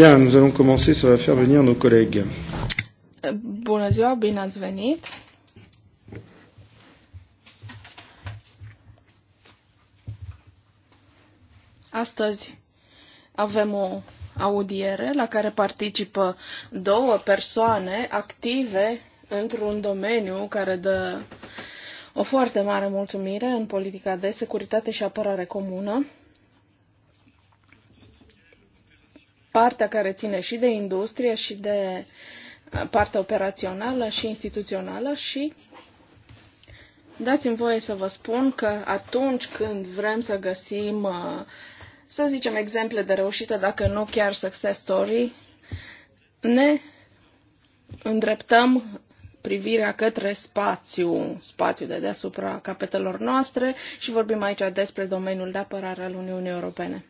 Bien, nous allons commencer, ça va faire venir nos collègues. Euh, bună ziua, bine ați venit. Astăzi avem o audiere la care participă două persoane active într-un domeniu care dă o foarte mare mulțumire în politica de securitate și apărare comună. partea care ține și de industrie și de uh, partea operațională și instituțională și dați-mi voie să vă spun că atunci când vrem să găsim, uh, să zicem, exemple de reușită, dacă nu chiar success story, ne îndreptăm privirea către spațiu, spațiu de deasupra capetelor noastre și vorbim aici despre domeniul de apărare al Uniunii Europene.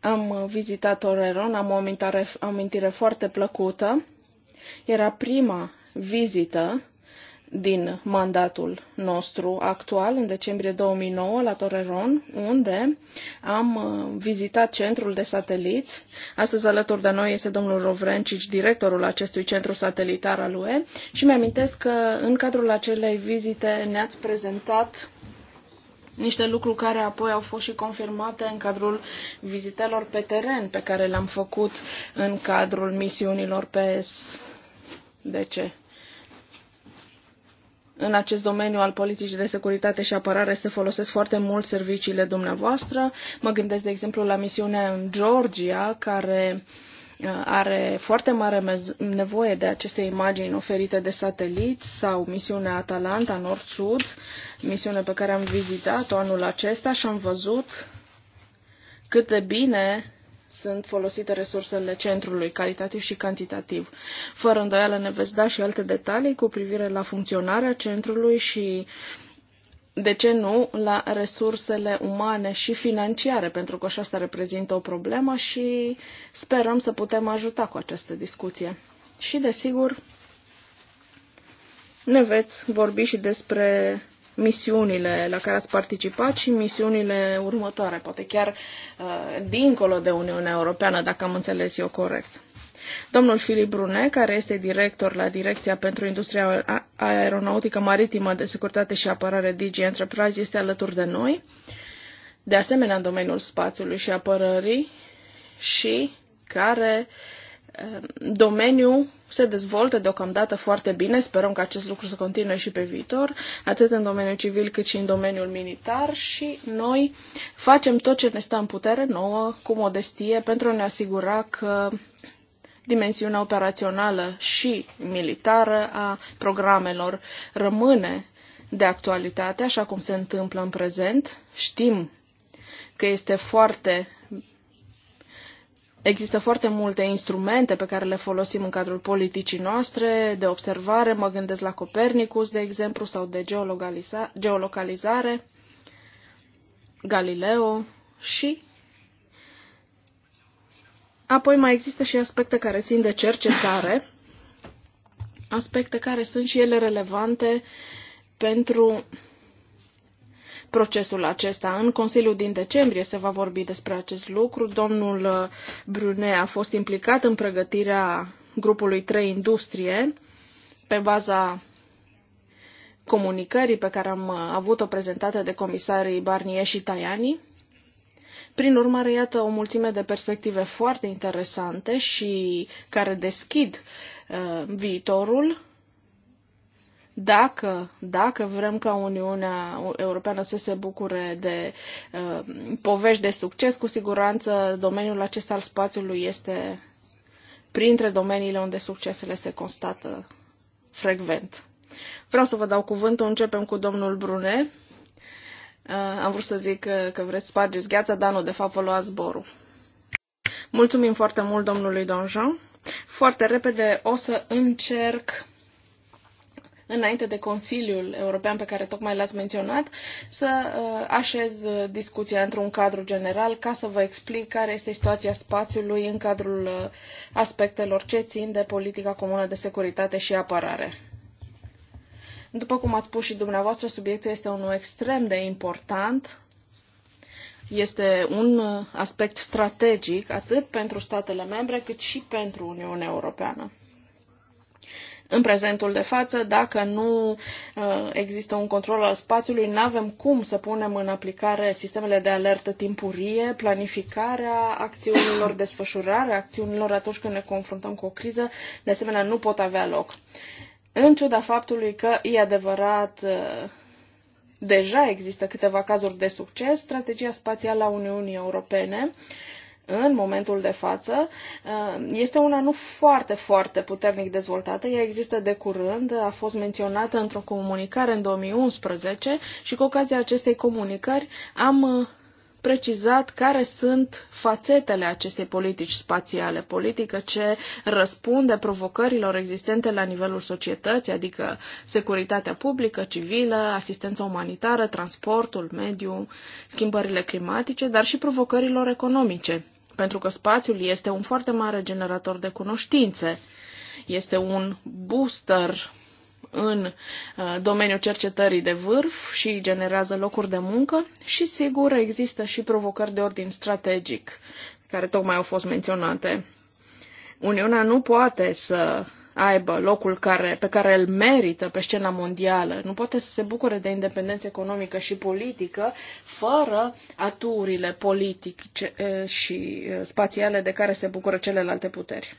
Am vizitat Oreron, am o amintire, amintire foarte plăcută. Era prima vizită din mandatul nostru actual, în decembrie 2009, la Toreron, unde am uh, vizitat centrul de sateliți. Astăzi alături de noi este domnul Rovrencici, directorul acestui centru satelitar al UE și mi-amintesc că în cadrul acelei vizite ne-ați prezentat niște lucruri care apoi au fost și confirmate în cadrul vizitelor pe teren pe care le-am făcut în cadrul misiunilor pe ce? În acest domeniu al politicii de securitate și apărare se folosesc foarte mult serviciile dumneavoastră. Mă gândesc, de exemplu, la misiunea în Georgia, care uh, are foarte mare nevoie de aceste imagini oferite de sateliți sau misiunea Atalanta Nord-Sud, misiune pe care am vizitat-o anul acesta și am văzut cât de bine sunt folosite resursele centrului, calitativ și cantitativ. Fără îndoială ne veți da și alte detalii cu privire la funcționarea centrului și uh, de ce nu, la resursele umane și financiare, pentru că și asta reprezintă o problemă și sperăm să putem ajuta cu această discuție. Și, desigur, ne veți vorbi și despre misiunile la care ați participat și misiunile următoare, poate chiar uh, dincolo de Uniunea Europeană, dacă am înțeles eu corect. Domnul Filip Brune, care este director la Direcția pentru Industria Aeronautică Maritimă de Securitate și Apărare DG Enterprise, este alături de noi. De asemenea, în domeniul spațiului și apărării și care eh, domeniul se dezvoltă deocamdată foarte bine. Sperăm că acest lucru să continue și pe viitor, atât în domeniul civil cât și în domeniul militar și noi facem tot ce ne stă în putere nouă, cu modestie, pentru a ne asigura că dimensiunea operațională și militară a programelor rămâne de actualitate, așa cum se întâmplă în prezent. Știm că este foarte Există foarte multe instrumente pe care le folosim în cadrul politicii noastre de observare, mă gândesc la Copernicus, de exemplu, sau de geolocalizare, Galileo și Apoi mai există și aspecte care țin de cercetare, aspecte care sunt și ele relevante pentru procesul acesta. În Consiliul din decembrie se va vorbi despre acest lucru. Domnul Brunet a fost implicat în pregătirea grupului 3 Industrie pe baza comunicării pe care am avut-o prezentată de comisarii Barnier și Tajani prin urmare, iată o mulțime de perspective foarte interesante și care deschid uh, viitorul dacă, dacă vrem ca Uniunea Europeană să se bucure de uh, povești de succes, cu siguranță domeniul acesta al spațiului este printre domeniile unde succesele se constată frecvent. Vreau să vă dau cuvântul, începem cu domnul Brune Uh, am vrut să zic uh, că vreți spargeți gheața, dar nu, de fapt vă luați zborul. Mulțumim foarte mult domnului Jean. Foarte repede o să încerc înainte de Consiliul European pe care tocmai l-ați menționat, să uh, așez discuția într-un cadru general ca să vă explic care este situația spațiului în cadrul aspectelor ce țin de politica comună de securitate și apărare. După cum ați spus și dumneavoastră, subiectul este unul extrem de important. Este un aspect strategic atât pentru statele membre cât și pentru Uniunea Europeană în prezentul de față, dacă nu uh, există un control al spațiului, nu avem cum să punem în aplicare sistemele de alertă timpurie, planificarea acțiunilor, desfășurarea acțiunilor atunci când ne confruntăm cu o criză, de asemenea nu pot avea loc în ciuda faptului că e adevărat uh, deja există câteva cazuri de succes, strategia spațială a Uniunii Europene în momentul de față uh, este una nu foarte, foarte puternic dezvoltată. Ea există de curând, a fost menționată într-o comunicare în 2011 și cu ocazia acestei comunicări am uh, precizat care sunt fațetele acestei politici spațiale, politică ce răspunde provocărilor existente la nivelul societății, adică securitatea publică, civilă, asistența umanitară, transportul, mediu, schimbările climatice, dar și provocărilor economice, pentru că spațiul este un foarte mare generator de cunoștințe, este un booster în uh, domeniul cercetării de vârf și generează locuri de muncă și, sigur, există și provocări de ordin strategic, care tocmai au fost menționate. Uniunea nu poate să aibă locul care, pe care îl merită pe scena mondială, nu poate să se bucure de independență economică și politică fără aturile politice eh, și eh, spațiale de care se bucură celelalte puteri.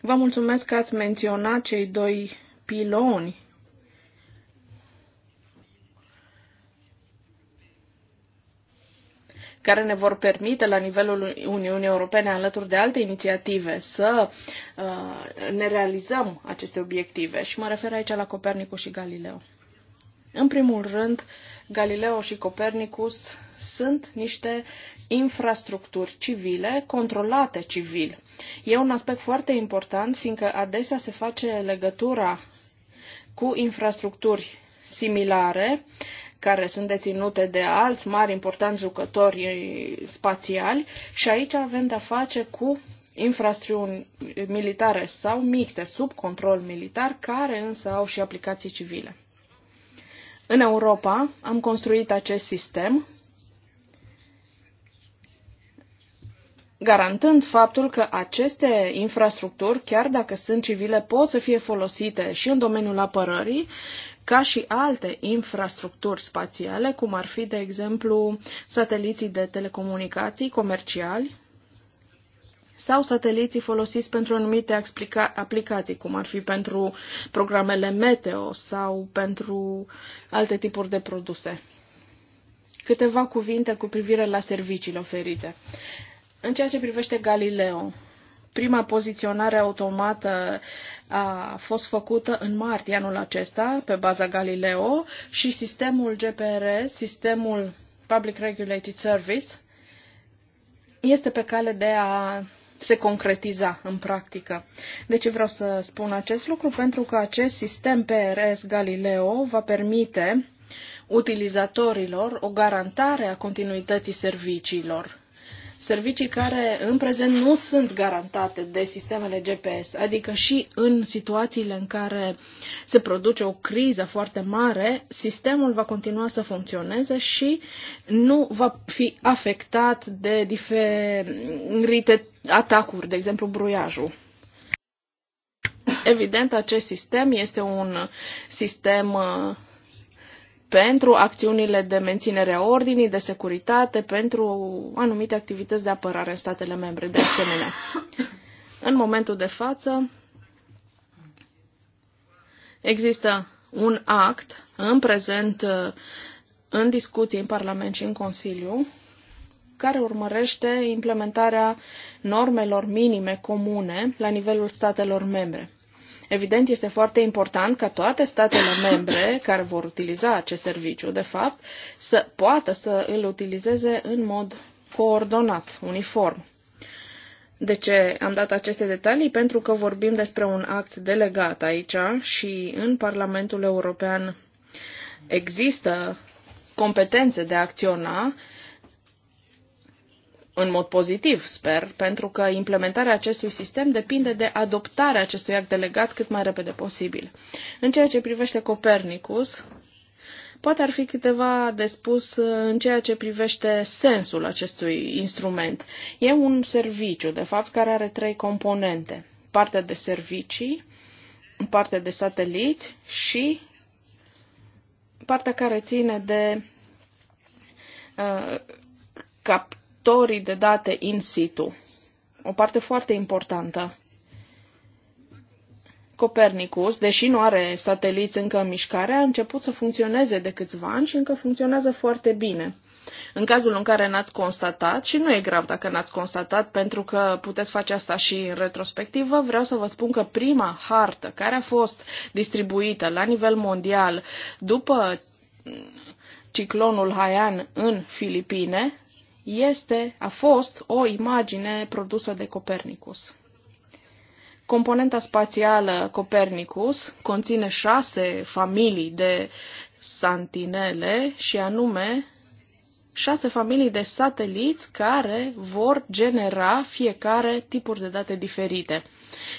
Vă mulțumesc că ați menționat cei doi piloni care ne vor permite la nivelul Uniunii Europene, alături de alte inițiative, să uh, ne realizăm aceste obiective. Și mă refer aici la Copernicus și Galileo. În primul rând, uh, Galileo și Copernicus sunt niște infrastructuri civile controlate civil. E un aspect foarte important, fiindcă adesea se face legătura cu infrastructuri similare care sunt deținute de alți mari importanți jucători spațiali și aici avem de-a face cu infrastructuri militare sau mixte sub control militar, care însă au și aplicații civile. În Europa am construit acest sistem garantând faptul că aceste infrastructuri, chiar dacă sunt civile, pot să fie folosite și în domeniul apărării, ca și alte infrastructuri spațiale, cum ar fi, de exemplu, sateliții de telecomunicații comerciali, sau sateliții folosiți pentru anumite aplicații, cum ar fi pentru programele meteo sau pentru alte tipuri de produse. Câteva cuvinte cu privire la serviciile oferite. În ceea ce privește Galileo, prima poziționare automată a fost făcută în martie anul acesta pe baza Galileo și sistemul GPRS, sistemul Public Regulated Service, este pe cale de a se concretiza în practică. De ce vreau să spun acest lucru? Pentru că acest sistem PRS Galileo va permite utilizatorilor o garantare a continuității serviciilor servicii care în prezent nu sunt garantate de sistemele GPS, adică și în situațiile în care se produce o criză foarte mare, sistemul va continua să funcționeze și nu va fi afectat de diferite atacuri, de exemplu bruiajul. Evident, acest sistem este un sistem uh, pentru acțiunile de menținere a ordinii, de securitate, pentru anumite activități de apărare în statele membre, de asemenea. În momentul de față există un act în prezent uh, în discuții în Parlament și în Consiliu care urmărește implementarea normelor minime comune la nivelul statelor membre. Evident, este foarte important ca toate statele membre care vor utiliza acest serviciu, de fapt, să poată să îl utilizeze în mod coordonat, uniform. De ce am dat aceste detalii? Pentru că vorbim despre un act delegat aici și în Parlamentul European există competențe de a acționa în mod pozitiv, sper, pentru că implementarea acestui sistem depinde de adoptarea acestui act delegat cât mai repede posibil. În ceea ce privește Copernicus, poate ar fi câteva de spus uh, în ceea ce privește sensul acestui instrument. E un serviciu, de fapt, care are trei componente. Partea de servicii, partea de sateliți și partea care ține de uh, cap colectorii de date in situ. O parte foarte importantă. Copernicus, deși nu are sateliți încă în mișcare, a început să funcționeze de câțiva ani și încă funcționează foarte bine. În cazul în care n-ați constatat, și nu e grav dacă n-ați constatat, pentru că puteți face asta și în retrospectivă, vreau să vă spun că prima hartă care a fost distribuită la nivel mondial după ciclonul Haiyan în Filipine este, a fost o imagine produsă de Copernicus. Componenta spațială Copernicus conține șase familii de santinele și anume șase familii de sateliți care vor genera fiecare tipuri de date diferite.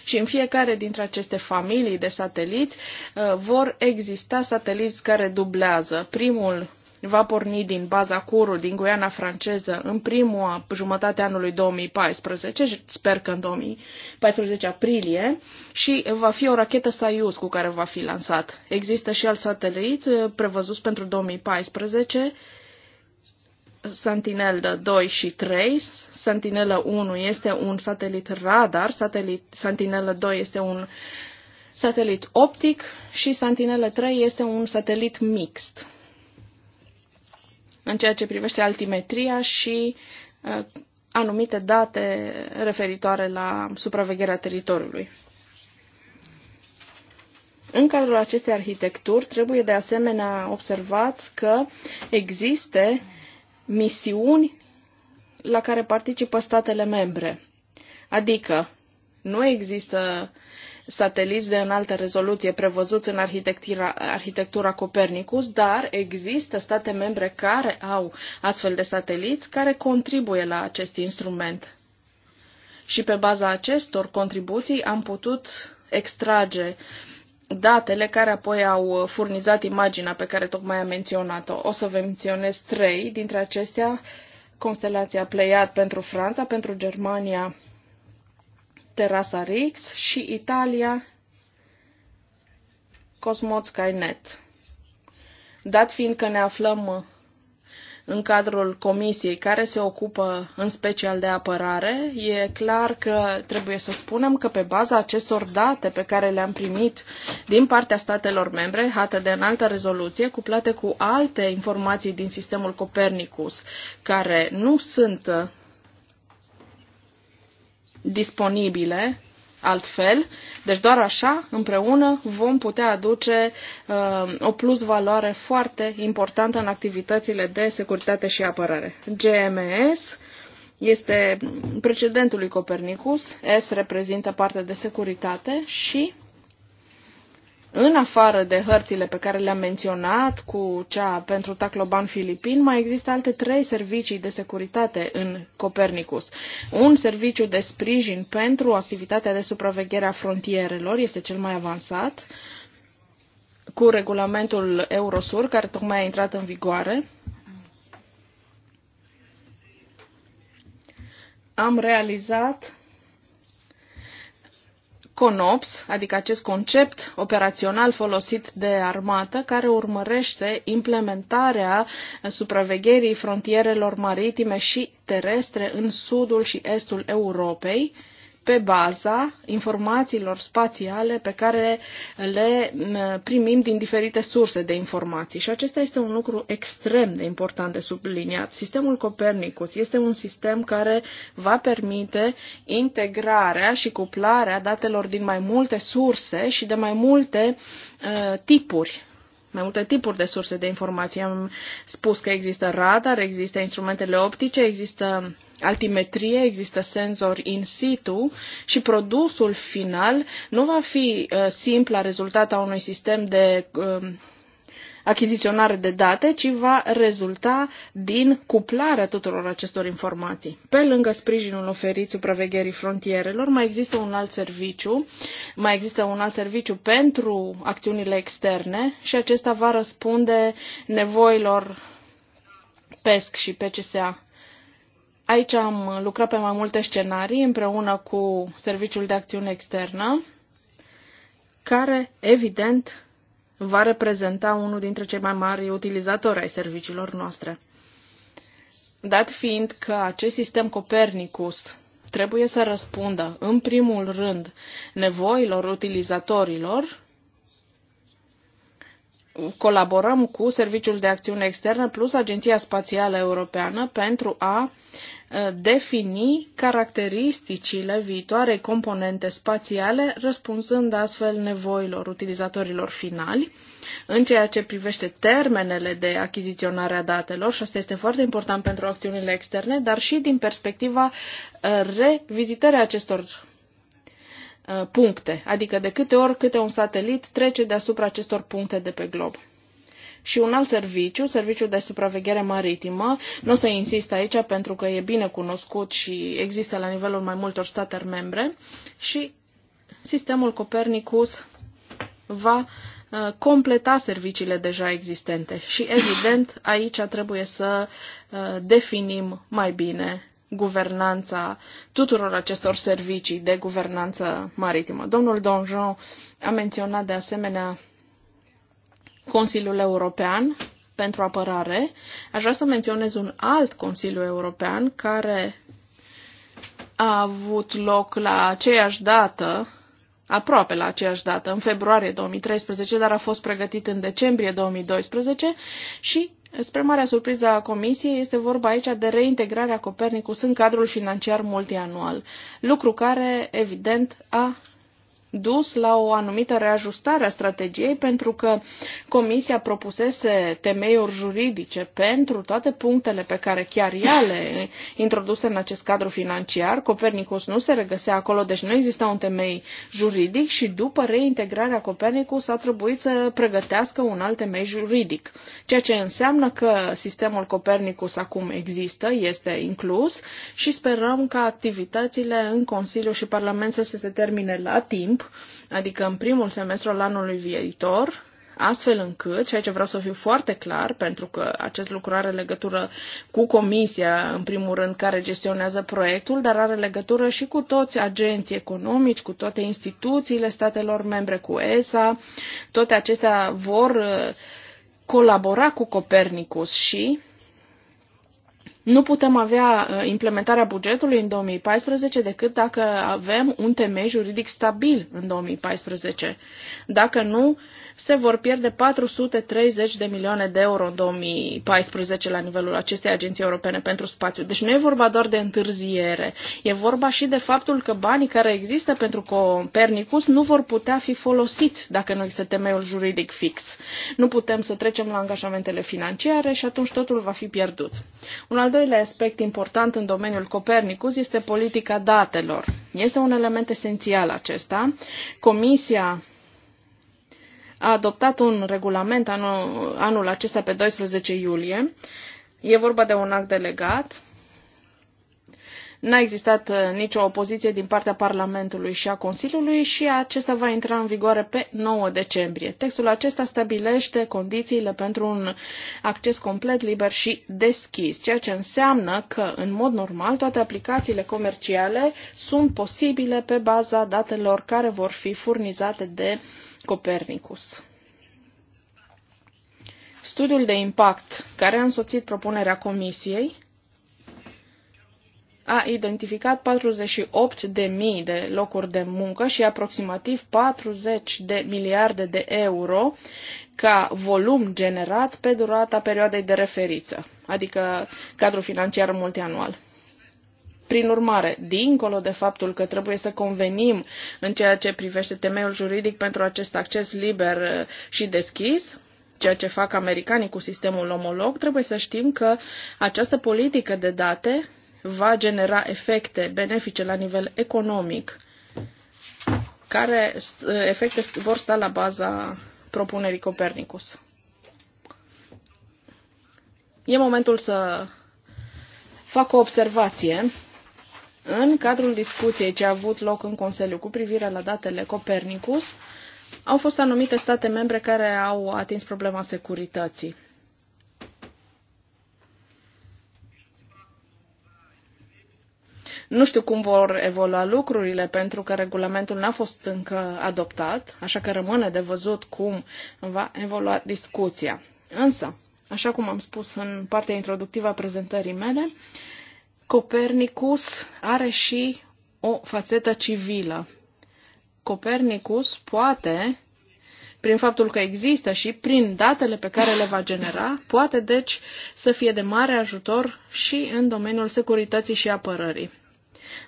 Și în fiecare dintre aceste familii de sateliți uh, vor exista sateliți care dublează. Primul va porni din baza Curu din Guiana franceză în prima jumătate anului 2014, sper că în 2014 aprilie, și va fi o rachetă Soyuz cu care va fi lansat. Există și alt satelit uh, prevăzut pentru 2014, Sentinel 2 și 3. Sentinel 1 este un satelit radar, satelit, Sentinel 2 este un satelit optic și Sentinel 3 este un satelit mixt în ceea ce privește altimetria și uh, anumite date referitoare la supravegherea teritoriului. În cadrul acestei arhitecturi trebuie de asemenea observați că există misiuni la care participă statele membre. Adică nu există uh, sateliți de înaltă rezoluție prevăzuți în arhitectura, Copernicus, dar există state membre care au astfel de sateliți care contribuie la acest instrument. Și pe baza acestor contribuții am putut extrage datele care apoi au furnizat imaginea pe care tocmai am menționat-o. O să vă menționez trei dintre acestea, constelația Pleiad pentru Franța, pentru Germania Terasa Rix și Italia Cosmod Skynet. Dat fiind că ne aflăm în cadrul comisiei care se ocupă în special de apărare, e clar că trebuie să spunem că pe baza acestor date pe care le-am primit din partea statelor membre, hată de înaltă rezoluție, cuplate cu alte informații din sistemul Copernicus, care nu sunt disponibile altfel. Deci doar așa, împreună, vom putea aduce uh, o plus valoare foarte importantă în activitățile de securitate și apărare. GMS este precedentul lui Copernicus, S reprezintă partea de securitate și în afară de hărțile pe care le-am menționat, cu cea pentru Tacloban Filipin, mai există alte trei servicii de securitate în Copernicus. Un serviciu de sprijin pentru activitatea de supraveghere a frontierelor este cel mai avansat, cu regulamentul Eurosur, care tocmai a intrat în vigoare. Am realizat CONOPS, adică acest concept operațional folosit de armată, care urmărește implementarea supravegherii frontierelor maritime și terestre în sudul și estul Europei, pe baza informațiilor spațiale pe care le primim din diferite surse de informații. Și acesta este un lucru extrem de important de subliniat. Sistemul Copernicus este un sistem care va permite integrarea și cuplarea datelor din mai multe surse și de mai multe uh, tipuri mai multe tipuri de surse de informații. Am spus că există radar, există instrumentele optice, există altimetrie, există senzori in situ și produsul final nu va fi uh, simpla a unui sistem de uh, achiziționare de date, ci va rezulta din cuplarea tuturor acestor informații. Pe lângă sprijinul oferit supravegherii frontierelor, mai există un alt serviciu, mai există un alt serviciu pentru acțiunile externe și acesta va răspunde nevoilor PESC și PCSA. Aici am lucrat pe mai multe scenarii împreună cu Serviciul de Acțiune Externă, care, evident, va reprezenta unul dintre cei mai mari utilizatori ai serviciilor noastre. Dat fiind că acest sistem Copernicus trebuie să răspundă, în primul rând, nevoilor utilizatorilor, colaborăm cu Serviciul de Acțiune Externă plus Agenția Spațială Europeană pentru a Uh, defini caracteristicile viitoarei componente spațiale, răspunzând astfel nevoilor utilizatorilor finali. În ceea ce privește termenele de achiziționare a datelor, și asta este foarte important pentru acțiunile externe, dar și din perspectiva uh, revizitării acestor uh, puncte, adică de câte ori câte un satelit trece deasupra acestor puncte de pe glob și un alt serviciu, Serviciul de Supraveghere Maritimă. Nu o să insist aici pentru că e bine cunoscut și există la nivelul mai multor state membre și sistemul Copernicus va uh, completa serviciile deja existente. Și evident, aici trebuie să uh, definim mai bine guvernanța tuturor acestor servicii de guvernanță maritimă. Domnul Donjon a menționat de asemenea Consiliul European pentru Apărare, aș vrea să menționez un alt Consiliu European care a avut loc la aceeași dată, aproape la aceeași dată, în februarie 2013, dar a fost pregătit în decembrie 2012 și, spre marea surpriză a Comisiei, este vorba aici de reintegrarea Copernicus în cadrul financiar multianual, lucru care, evident, a dus la o anumită reajustare a strategiei pentru că Comisia propusese temeiuri juridice pentru toate punctele pe care chiar ea le introduse în acest cadru financiar. Copernicus nu se regăsea acolo, deci nu exista un temei juridic și după reintegrarea Copernicus a trebuit să pregătească un alt temei juridic. Ceea ce înseamnă că sistemul Copernicus acum există, este inclus și sperăm ca activitățile în Consiliu și Parlament să se termine la timp adică în primul semestru al anului viitor, astfel încât, și aici vreau să fiu foarte clar, pentru că acest lucru are legătură cu comisia, în primul rând, care gestionează proiectul, dar are legătură și cu toți agenții economici, cu toate instituțiile statelor membre, cu ESA, toate acestea vor uh, colabora cu Copernicus și nu putem avea uh, implementarea bugetului în 2014 decât dacă avem un temei juridic stabil în 2014. Dacă nu, se vor pierde 430 de milioane de euro în 2014 la nivelul acestei agenții europene pentru spațiu. Deci nu e vorba doar de întârziere, e vorba și de faptul că banii care există pentru Copernicus nu vor putea fi folosiți dacă nu există temeiul juridic fix. Nu putem să trecem la angajamentele financiare și atunci totul va fi pierdut. Un al doilea aspect important în domeniul Copernicus este politica datelor. Este un element esențial acesta. Comisia a adoptat un regulament anul, anul acesta pe 12 iulie. E vorba de un act delegat. N-a existat uh, nicio opoziție din partea Parlamentului și a Consiliului și acesta va intra în vigoare pe 9 decembrie. Textul acesta stabilește condițiile pentru un acces complet liber și deschis, ceea ce înseamnă că, în mod normal, toate aplicațiile comerciale sunt posibile pe baza datelor care vor fi furnizate de uh, Copernicus. Studiul de impact care a însoțit propunerea Comisiei a identificat 48.000 de locuri de muncă și aproximativ 40 de miliarde de euro ca volum generat pe durata perioadei de referință, adică cadrul financiar multianual. Prin urmare, dincolo de faptul că trebuie să convenim în ceea ce privește temeiul juridic pentru acest acces liber uh, și deschis, ceea ce fac americanii cu sistemul omolog, trebuie să știm că această politică de date va genera efecte benefice la nivel economic, care uh, efecte vor sta la baza propunerii Copernicus. E momentul să fac o observație în cadrul discuției ce a avut loc în Consiliu cu privire la datele Copernicus, au fost anumite state membre care au atins problema securității. Nu știu cum vor evolua lucrurile, pentru că regulamentul n-a fost încă adoptat, așa că rămâne de văzut cum va evolua discuția. Însă, așa cum am spus în partea introductivă a prezentării mele, Copernicus are și o fațetă civilă. Copernicus poate, prin faptul că există și prin datele pe care le va genera, poate deci să fie de mare ajutor și în domeniul securității și apărării.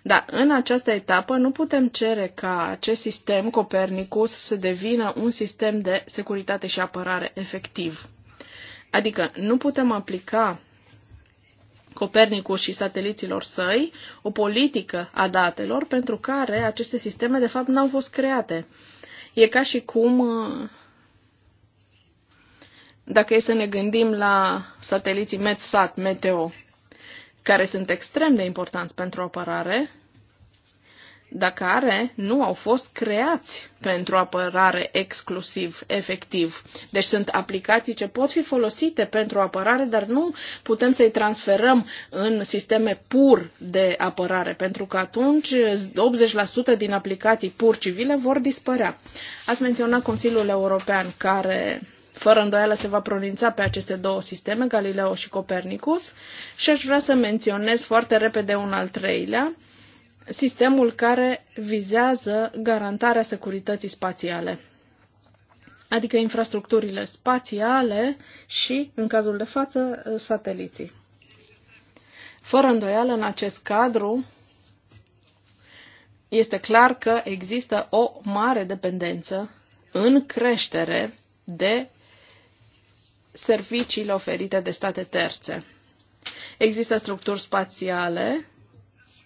Dar în această etapă nu putem cere ca acest sistem Copernicus să devină un sistem de securitate și apărare efectiv. Adică nu putem aplica Copernicus și sateliților săi, o politică a datelor pentru care aceste sisteme de fapt n-au fost create. E ca și cum uh, dacă e să ne gândim la sateliții Metsat, Meteo, care sunt extrem de importanți pentru apărare, dar care nu au fost creați pentru apărare exclusiv, efectiv. Deci sunt aplicații ce pot fi folosite pentru apărare, dar nu putem să-i transferăm în sisteme pur de apărare, pentru că atunci 80% din aplicații pur civile vor dispărea. Ați menționat Consiliul European care fără îndoială se va pronunța pe aceste două sisteme, Galileo și Copernicus, și aș vrea să menționez foarte repede un al treilea, sistemul care vizează garantarea securității spațiale, adică infrastructurile spațiale și, în cazul de față, sateliții. Fără îndoială, în acest cadru, este clar că există o mare dependență în creștere de serviciile oferite de state terțe. Există structuri spațiale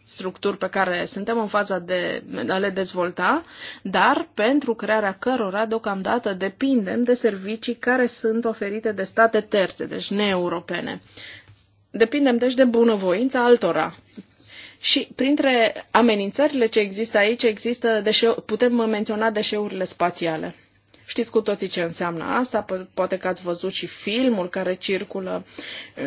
structuri pe care suntem în faza de a le dezvolta, dar pentru crearea cărora deocamdată depindem de servicii care sunt oferite de state terțe, deci neeuropene. Depindem deci de bunăvoința altora. Și printre amenințările ce există aici, există deșeu, putem menționa deșeurile spațiale. Știți cu toții ce înseamnă asta, poate că ați văzut și filmul care circulă,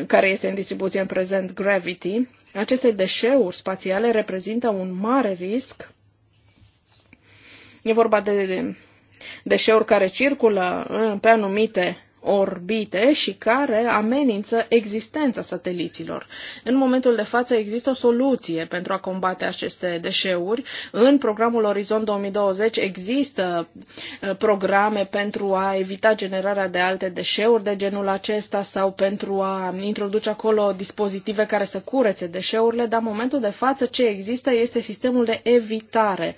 care este în distribuție în prezent, Gravity. Aceste deșeuri spațiale reprezintă un mare risc. E vorba de deșeuri care circulă pe anumite orbite și care amenință existența sateliților. În momentul de față există o soluție pentru a combate aceste deșeuri. În programul Orizont 2020 există uh, programe pentru a evita generarea de alte deșeuri de genul acesta sau pentru a introduce acolo dispozitive care să curețe deșeurile, dar în momentul de față ce există este sistemul de evitare.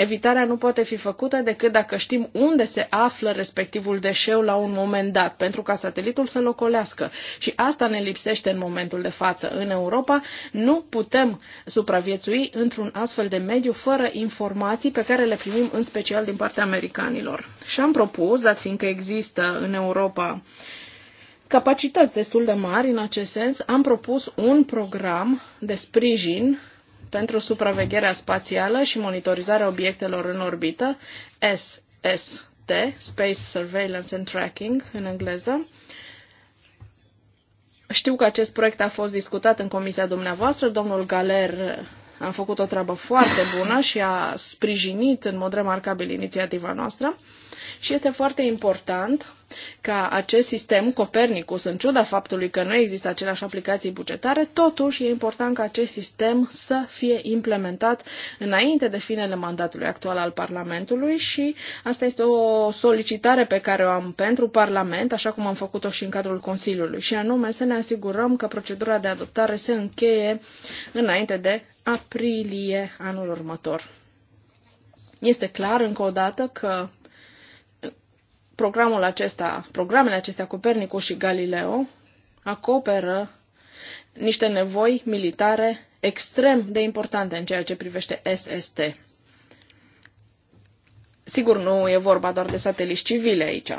Evitarea nu poate fi făcută decât dacă știm unde se află respectivul deșeu la un moment dat, pentru ca satelitul să locolească. Și asta ne lipsește în momentul de față. În Europa nu putem supraviețui într-un astfel de mediu fără informații pe care le primim în special din partea americanilor. Și am propus, dat fiindcă există în Europa capacități destul de mari în acest sens, am propus un program de sprijin pentru supravegherea spațială și monitorizarea obiectelor în orbită, SST, Space Surveillance and Tracking în engleză. Știu că acest proiect a fost discutat în comisia dumneavoastră. Domnul Galer a făcut o treabă foarte bună și a sprijinit în mod remarcabil inițiativa noastră. Și este foarte important ca acest sistem Copernicus, în ciuda faptului că nu există aceleași aplicații bugetare, totuși e important ca acest sistem să fie implementat înainte de finele mandatului actual al Parlamentului și asta este o solicitare pe care o am pentru Parlament, așa cum am făcut-o și în cadrul Consiliului, și anume să ne asigurăm că procedura de adoptare se încheie înainte de aprilie anul următor. Este clar încă o dată că programul acesta, programele acestea Copernicus și Galileo acoperă niște nevoi militare extrem de importante în ceea ce privește SST. Sigur, nu e vorba doar de sateliști civile aici.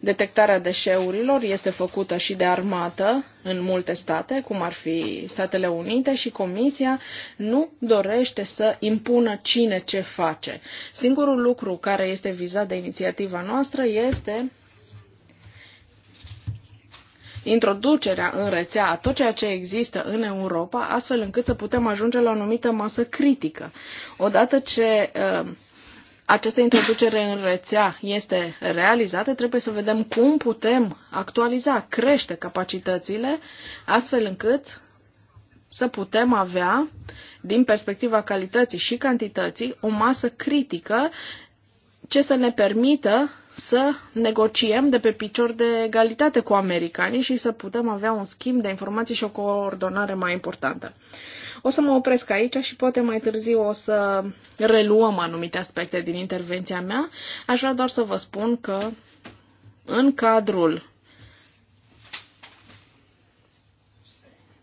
Detectarea deșeurilor este făcută și de armată în multe state, cum ar fi Statele Unite, și Comisia nu dorește să impună cine ce face. Singurul lucru care este vizat de inițiativa noastră este introducerea în rețea a tot ceea ce există în Europa, astfel încât să putem ajunge la o anumită masă critică. Odată ce uh, această introducere în rețea este realizată, trebuie să vedem cum putem actualiza, crește capacitățile, astfel încât să putem avea, din perspectiva calității și cantității, o masă critică ce să ne permită să negociem de pe picior de egalitate cu americanii și să putem avea un schimb de informații și o coordonare mai importantă. O să mă opresc aici și poate mai târziu o să reluăm anumite aspecte din intervenția mea. Aș vrea doar să vă spun că în cadrul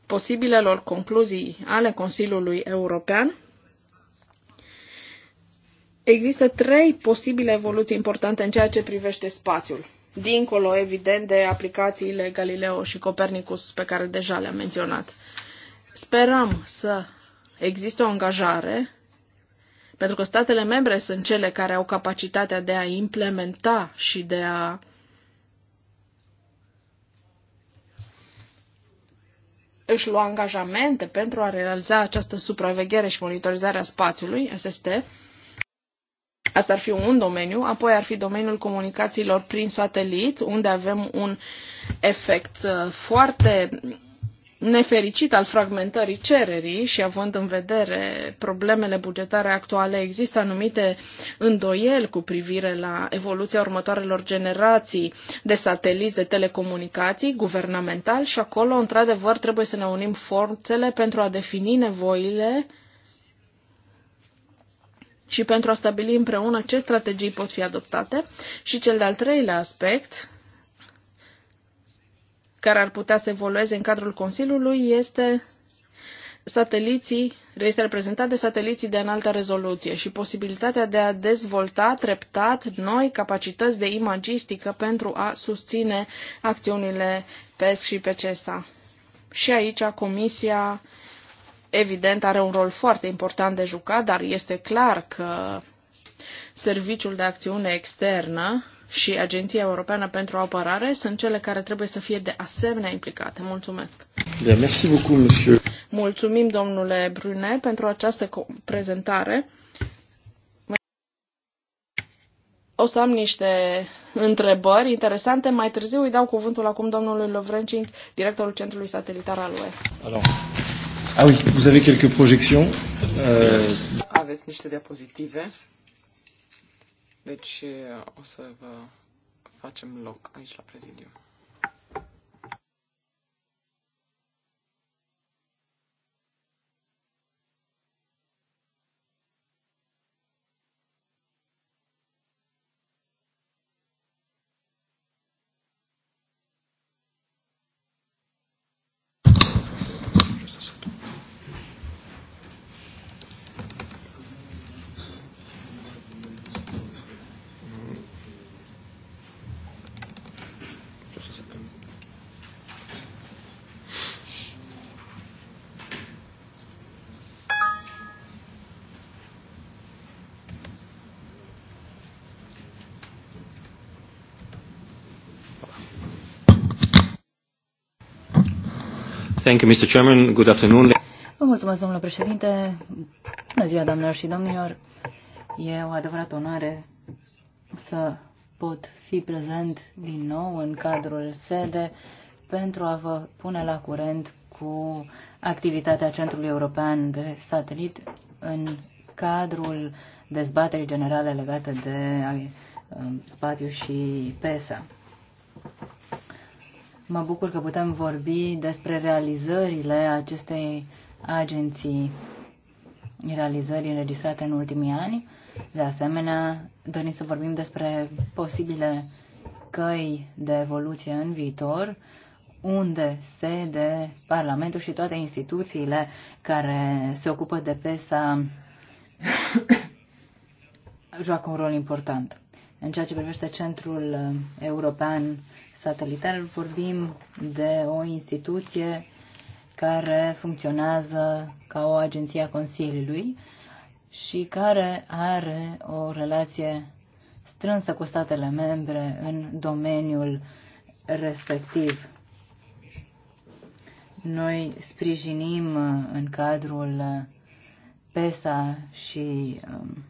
posibilelor concluzii ale Consiliului European, există trei posibile evoluții importante în ceea ce privește spațiul, dincolo, evident, de aplicațiile Galileo și Copernicus pe care deja le-am menționat. Sperăm să existe o angajare, pentru că statele membre sunt cele care au capacitatea de a implementa și de a își lua angajamente pentru a realiza această supraveghere și monitorizare a spațiului, SST. Asta ar fi un domeniu, apoi ar fi domeniul comunicațiilor prin satelit, unde avem un efect uh, foarte nefericit al fragmentării cererii și având în vedere problemele bugetare actuale, există anumite îndoieli cu privire la evoluția următoarelor generații de sateliți de telecomunicații guvernamental și acolo, într-adevăr, trebuie să ne unim forțele pentru a defini nevoile și pentru a stabili împreună ce strategii pot fi adoptate. Și cel de-al treilea aspect, care ar putea să evolueze în cadrul Consiliului este sateliții, reprezentat de sateliții de înaltă rezoluție și posibilitatea de a dezvolta treptat noi capacități de imagistică pentru a susține acțiunile PES și PCSA. Și aici Comisia, evident, are un rol foarte important de jucat, dar este clar că Serviciul de Acțiune Externă și Agenția Europeană pentru Apărare sunt cele care trebuie să fie de asemenea implicate. Mulțumesc! merci beaucoup, monsieur. Mulțumim, domnule Brunet, pentru această prezentare. O să am niște întrebări interesante. Mai târziu îi dau cuvântul acum domnului Lovrencing, directorul Centrului Satelitar al UE. Alors. Ah oui, vous avez quelques projections. Euh... Aveți niște diapozitive. Deci o să vă facem loc aici la prezidiu. Thank you, Mr. Chairman. Good afternoon. Vă mulțumesc, domnule președinte. Bună ziua, doamnelor și domnilor. E o adevărată onoare să pot fi prezent din nou în cadrul sede pentru a vă pune la curent cu activitatea Centrului European de Satelit în cadrul dezbaterii generale legate de um, spațiu și PESA. Mă bucur că putem vorbi despre realizările acestei agenții, realizări înregistrate în ultimii ani. De asemenea, dorim să vorbim despre posibile căi de evoluție în viitor, unde sede Parlamentul și toate instituțiile care se ocupă de PESA joacă un rol important. În ceea ce privește Centrul European satelitar, vorbim de o instituție care funcționează ca o agenție a Consiliului și care are o relație strânsă cu statele membre în domeniul respectiv. Noi sprijinim uh, în cadrul uh, PESA și um,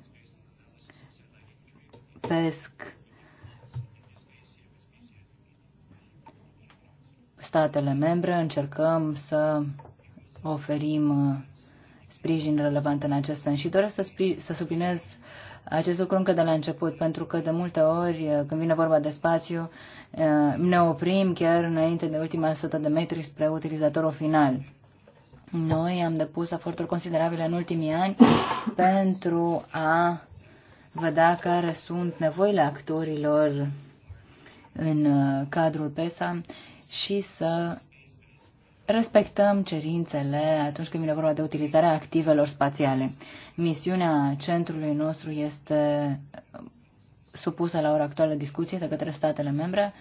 PESC statele membre. Încercăm să oferim uh, sprijin relevant în acest sens. Și doresc să, să subliniez acest lucru încă de la început, pentru că de multe ori, uh, când vine vorba de spațiu, uh, ne oprim chiar înainte de ultima sută de metri spre utilizatorul final. Noi am depus eforturi considerabile în ultimii ani pentru a vedea care sunt nevoile actorilor în cadrul PESA și să respectăm cerințele atunci când vine vorba de utilizarea activelor spațiale. Misiunea centrului nostru este supusă la ora actuală discuție de către statele membre.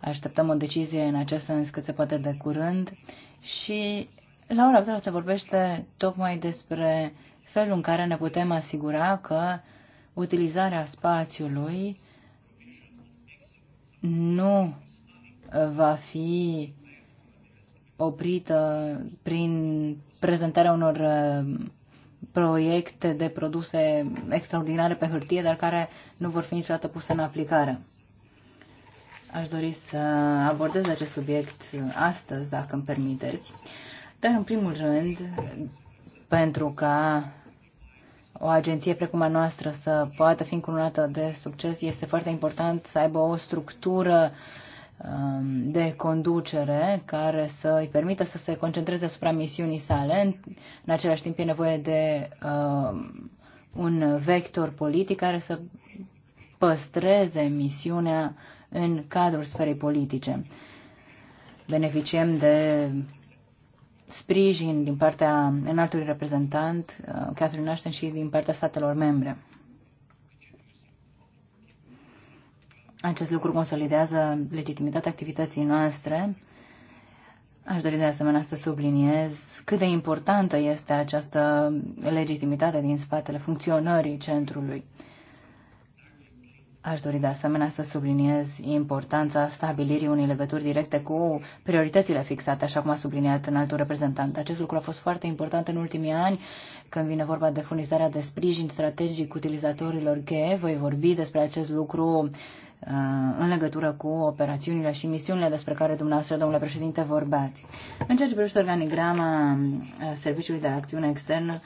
Așteptăm o decizie în acest sens cât se poate de curând și la ora actuală se vorbește tocmai despre felul în care ne putem asigura că utilizarea spațiului nu va fi oprită prin prezentarea unor uh, proiecte de produse extraordinare pe hârtie, dar care nu vor fi niciodată puse în aplicare. Aș dori să abordez acest subiect astăzi, dacă îmi permiteți, dar în primul rând, pentru ca o agenție precum a noastră să poată fi încununată de succes, este foarte important să aibă o structură uh, Um, de conducere care să îi permită să se concentreze asupra misiunii sale. În același timp e nevoie de uh, un vector politic care să păstreze misiunea în cadrul sferei politice. Beneficiem de sprijin din partea înaltului reprezentant, uh, Catherine Ashton, și din partea statelor membre. Acest lucru consolidează legitimitatea activității noastre. Aș dori de asemenea să subliniez cât de importantă este această legitimitate din spatele funcționării centrului. Aș dori de asemenea să subliniez importanța stabilirii unei legături directe cu prioritățile fixate, așa cum a subliniat în altul reprezentant. Acest lucru a fost foarte important în ultimii ani, când vine vorba de furnizarea de sprijin strategic utilizatorilor cheie. Voi vorbi despre acest lucru în legătură cu operațiunile și misiunile despre care dumneavoastră, domnule președinte, vorbeați. În ceea ce privește organigrama Serviciului de Acțiune Externă,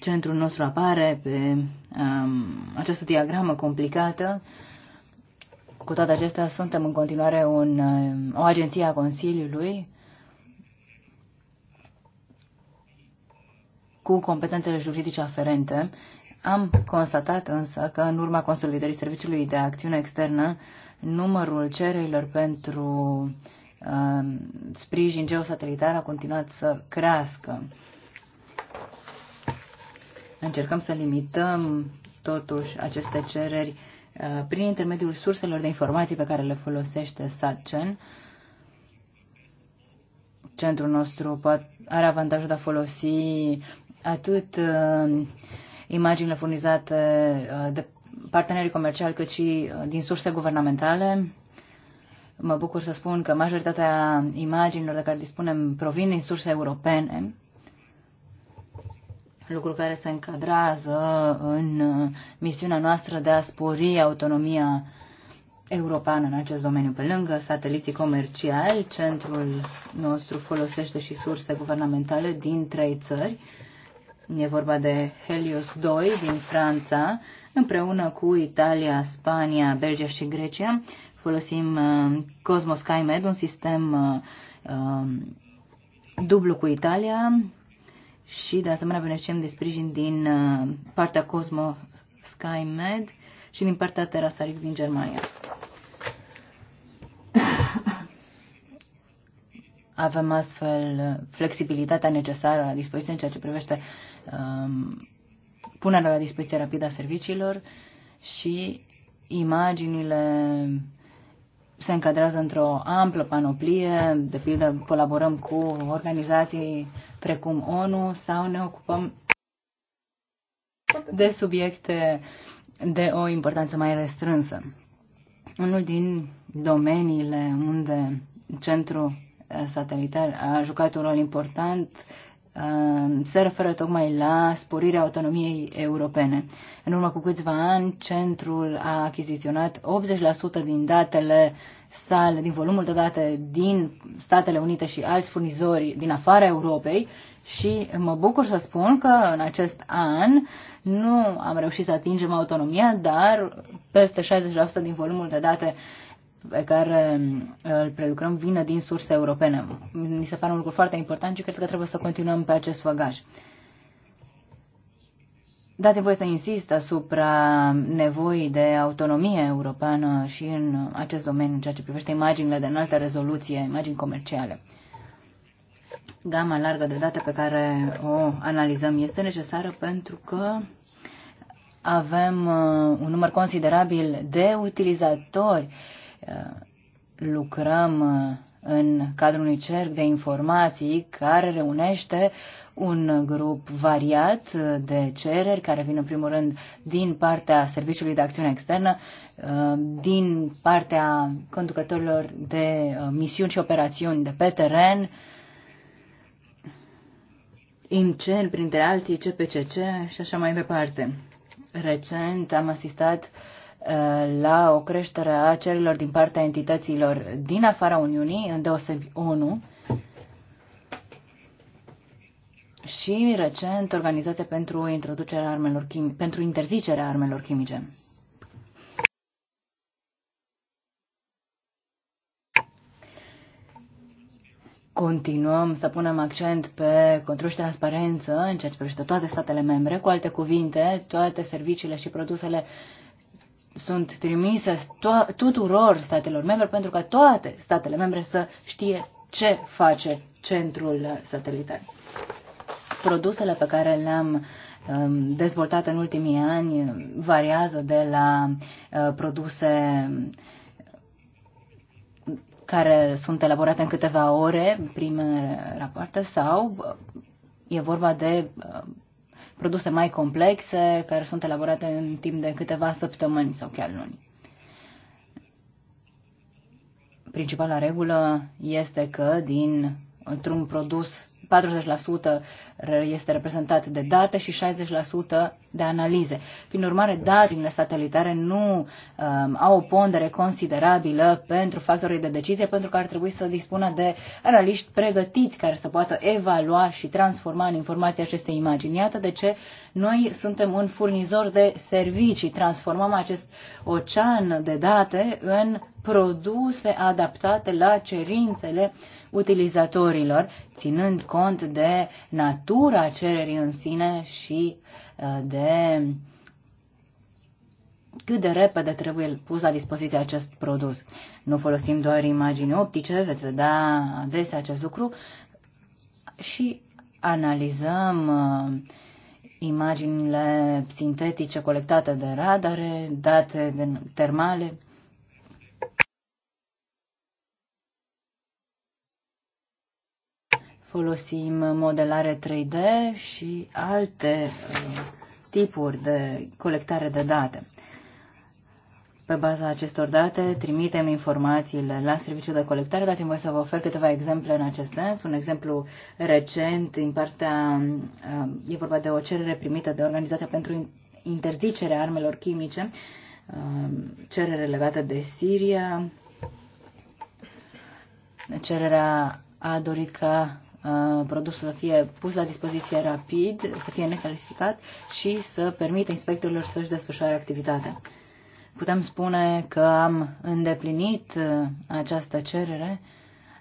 centrul nostru apare pe um, această diagramă complicată. Cu toate acestea, suntem în continuare un, o agenție a Consiliului cu competențele juridice aferente am constatat însă că în urma consolidării Serviciului de Acțiune Externă, numărul cererilor pentru uh, sprijin geosatelitar a continuat să crească. Încercăm să limităm totuși aceste cereri uh, prin intermediul surselor de informații pe care le folosește SATCEN. Centrul nostru are avantajul de a folosi atât uh, imaginile furnizate uh, de partenerii comerciali cât și uh, din surse guvernamentale. Mă bucur să spun că majoritatea imaginilor de care dispunem provin din surse europene, lucru care se încadrează în uh, misiunea noastră de a spori autonomia europeană în acest domeniu. Pe lângă sateliții comerciali, centrul nostru folosește și surse guvernamentale din trei țări, E vorba de Helios 2 din Franța, împreună cu Italia, Spania, Belgia și Grecia. Folosim uh, Cosmos SkyMed, un sistem uh, um, dublu cu Italia și de asemenea beneficiem de sprijin din uh, partea Cosmos SkyMed și din partea Terasaric din Germania. Avem astfel uh, flexibilitatea necesară la dispoziție în ceea ce privește um, punerea la dispoziție rapidă a serviciilor și imaginile se încadrează într-o amplă panoplie, de pildă colaborăm cu organizații precum ONU sau ne ocupăm de subiecte de o importanță mai restrânsă. Unul din domeniile unde centru satelitar a jucat un rol important uh, se referă tocmai la sporirea autonomiei europene. În urmă cu câțiva ani, centrul a achiziționat 80% din datele sale, din volumul de date din Statele Unite și alți furnizori din afara Europei și mă bucur să spun că în acest an nu am reușit să atingem autonomia, dar peste 60% din volumul de date uh, pe care uh, îl prelucrăm vină din surse europene. Mi se pare un lucru foarte important și cred că trebuie să continuăm pe acest făgaș. Dați voie să insist asupra nevoii de autonomie europeană și în acest domeniu, în ceea ce privește imaginile de înaltă rezoluție, imagini comerciale. Gama largă de date pe care o analizăm este necesară pentru că avem uh, un număr considerabil de utilizatori uh, Uh, lucrăm uh, în cadrul unui cerc de informații care reunește un grup variat uh, de cereri care vin în primul rând din partea Serviciului de Acțiune Externă, din partea conducătorilor de misiuni și operațiuni de pe teren, incen, printre alții, CPCC și așa mai departe. Recent am asistat uh, Uh, la o creștere a cererilor din partea entităților din afara Uniunii, deosebi ONU, și recent organizate pentru introducerea armelor chimi- pentru interzicerea armelor chimice. Continuăm să punem accent pe control și transparență în ceea ce privește toate statele membre, cu alte cuvinte, toate serviciile și produsele uh, sunt trimise tuturor statelor membre pentru ca toate statele membre să știe ce face centrul satelitar. Produsele pe care le-am um, dezvoltat în ultimii ani um, variază de la uh, produse care sunt elaborate în câteva ore, prime rapoarte, sau uh, e vorba de uh, produse mai complexe care sunt elaborate în timp de câteva săptămâni sau chiar luni. Principala regulă este că din într-un produs 40% este reprezentat de date și 60% de analize. Prin urmare, datele satelitare nu um, au o pondere considerabilă pentru factorii de decizie, pentru că ar trebui să dispună de analiști pregătiți care să poată evalua și transforma în informații aceste imagini. Iată de ce noi suntem un furnizor de servicii, transformăm acest ocean de date în produse adaptate la cerințele utilizatorilor, ținând cont de natura cererii în sine și uh, de cât de repede trebuie pus la dispoziție acest produs. Nu folosim doar imagini optice, veți vedea adesea acest lucru, și analizăm uh, imaginile sintetice colectate de radare, date de termale. Folosim modelare 3D și alte uh, tipuri de colectare de date. Pe baza acestor date, trimitem informațiile la serviciul de colectare. Dați-mi voi să vă ofer câteva exemple în acest sens. Un exemplu recent din partea, uh, e vorba de o cerere primită de Organizația pentru interzicerea armelor chimice, uh, cerere legată de Siria. Cererea a dorit ca uh, produsul să fie pus la dispoziție rapid, să fie necalificat și să permită inspectorilor să-și desfășoare activitatea. Putem spune că am îndeplinit uh, această cerere.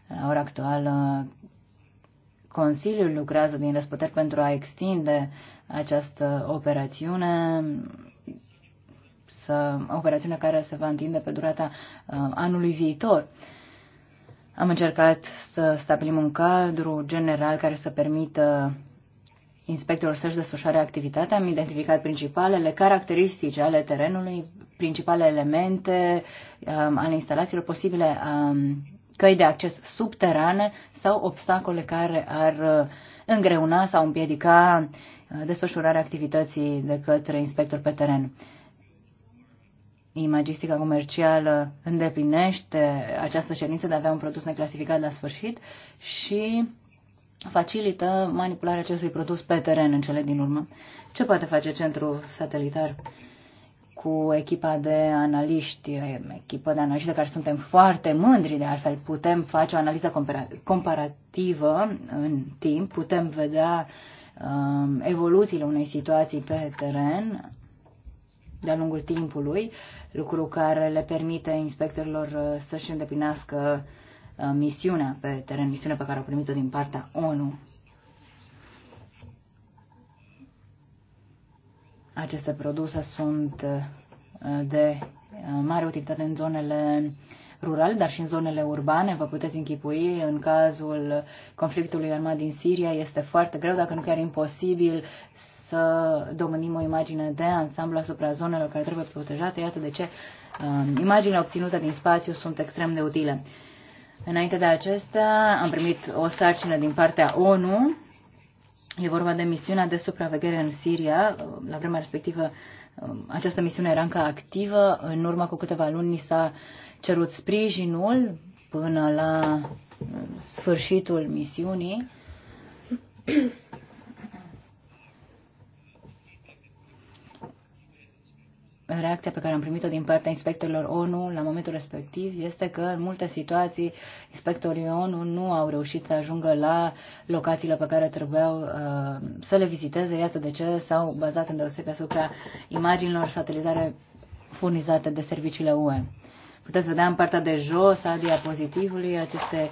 La ora actuală, Consiliul lucrează din răsputeri pentru a extinde această operațiune, să, operațiune care se va întinde pe durata uh, anului viitor. Am încercat să stabilim un cadru general care să permită Inspectorul să-și desfășoare activitatea. Am identificat principalele caracteristici ale terenului, principale elemente um, ale instalațiilor posibile um, căi de acces subterane sau obstacole care ar uh, îngreuna sau împiedica uh, desfășurarea activității de către inspector pe teren. Imagistica comercială îndeplinește această cerință de a avea un produs neclasificat la sfârșit și facilită manipularea acestui produs pe teren în cele din urmă. Ce poate face centrul satelitar cu echipa de analiști, echipă de analiști de care suntem foarte mândri de altfel? Putem face o analiză comparativă în timp, putem vedea uh, evoluțiile unei situații pe teren de-a lungul timpului, lucru care le permite inspectorilor uh, să-și îndeplinească uh, Uh, misiunea pe teren, misiunea pe care a primit-o din partea ONU. Aceste produse sunt uh, de uh, mare utilitate în zonele rurale, dar și în zonele urbane. Vă puteți închipui, în cazul conflictului armat din Siria, este foarte greu, dacă nu chiar imposibil, să domânim o imagine de ansamblu asupra zonelor care trebuie protejate. Iată de ce imaginile obținute din spațiu sunt extrem de utile. Înainte de acesta am primit o sarcină din partea ONU. E vorba de misiunea de supraveghere în Siria. La vremea respectivă um, această misiune era încă activă. În urmă cu câteva luni ni s-a cerut sprijinul până la um, sfârșitul misiunii. reacția pe care am primit-o din partea inspectorilor ONU la momentul respectiv este că în multe situații inspectorii ONU nu au reușit să ajungă la locațiile pe care trebuiau uh, să le viziteze. Iată de ce s-au bazat în deosebire asupra imaginilor satelitare furnizate de serviciile UE. Puteți vedea în partea de jos a diapozitivului aceste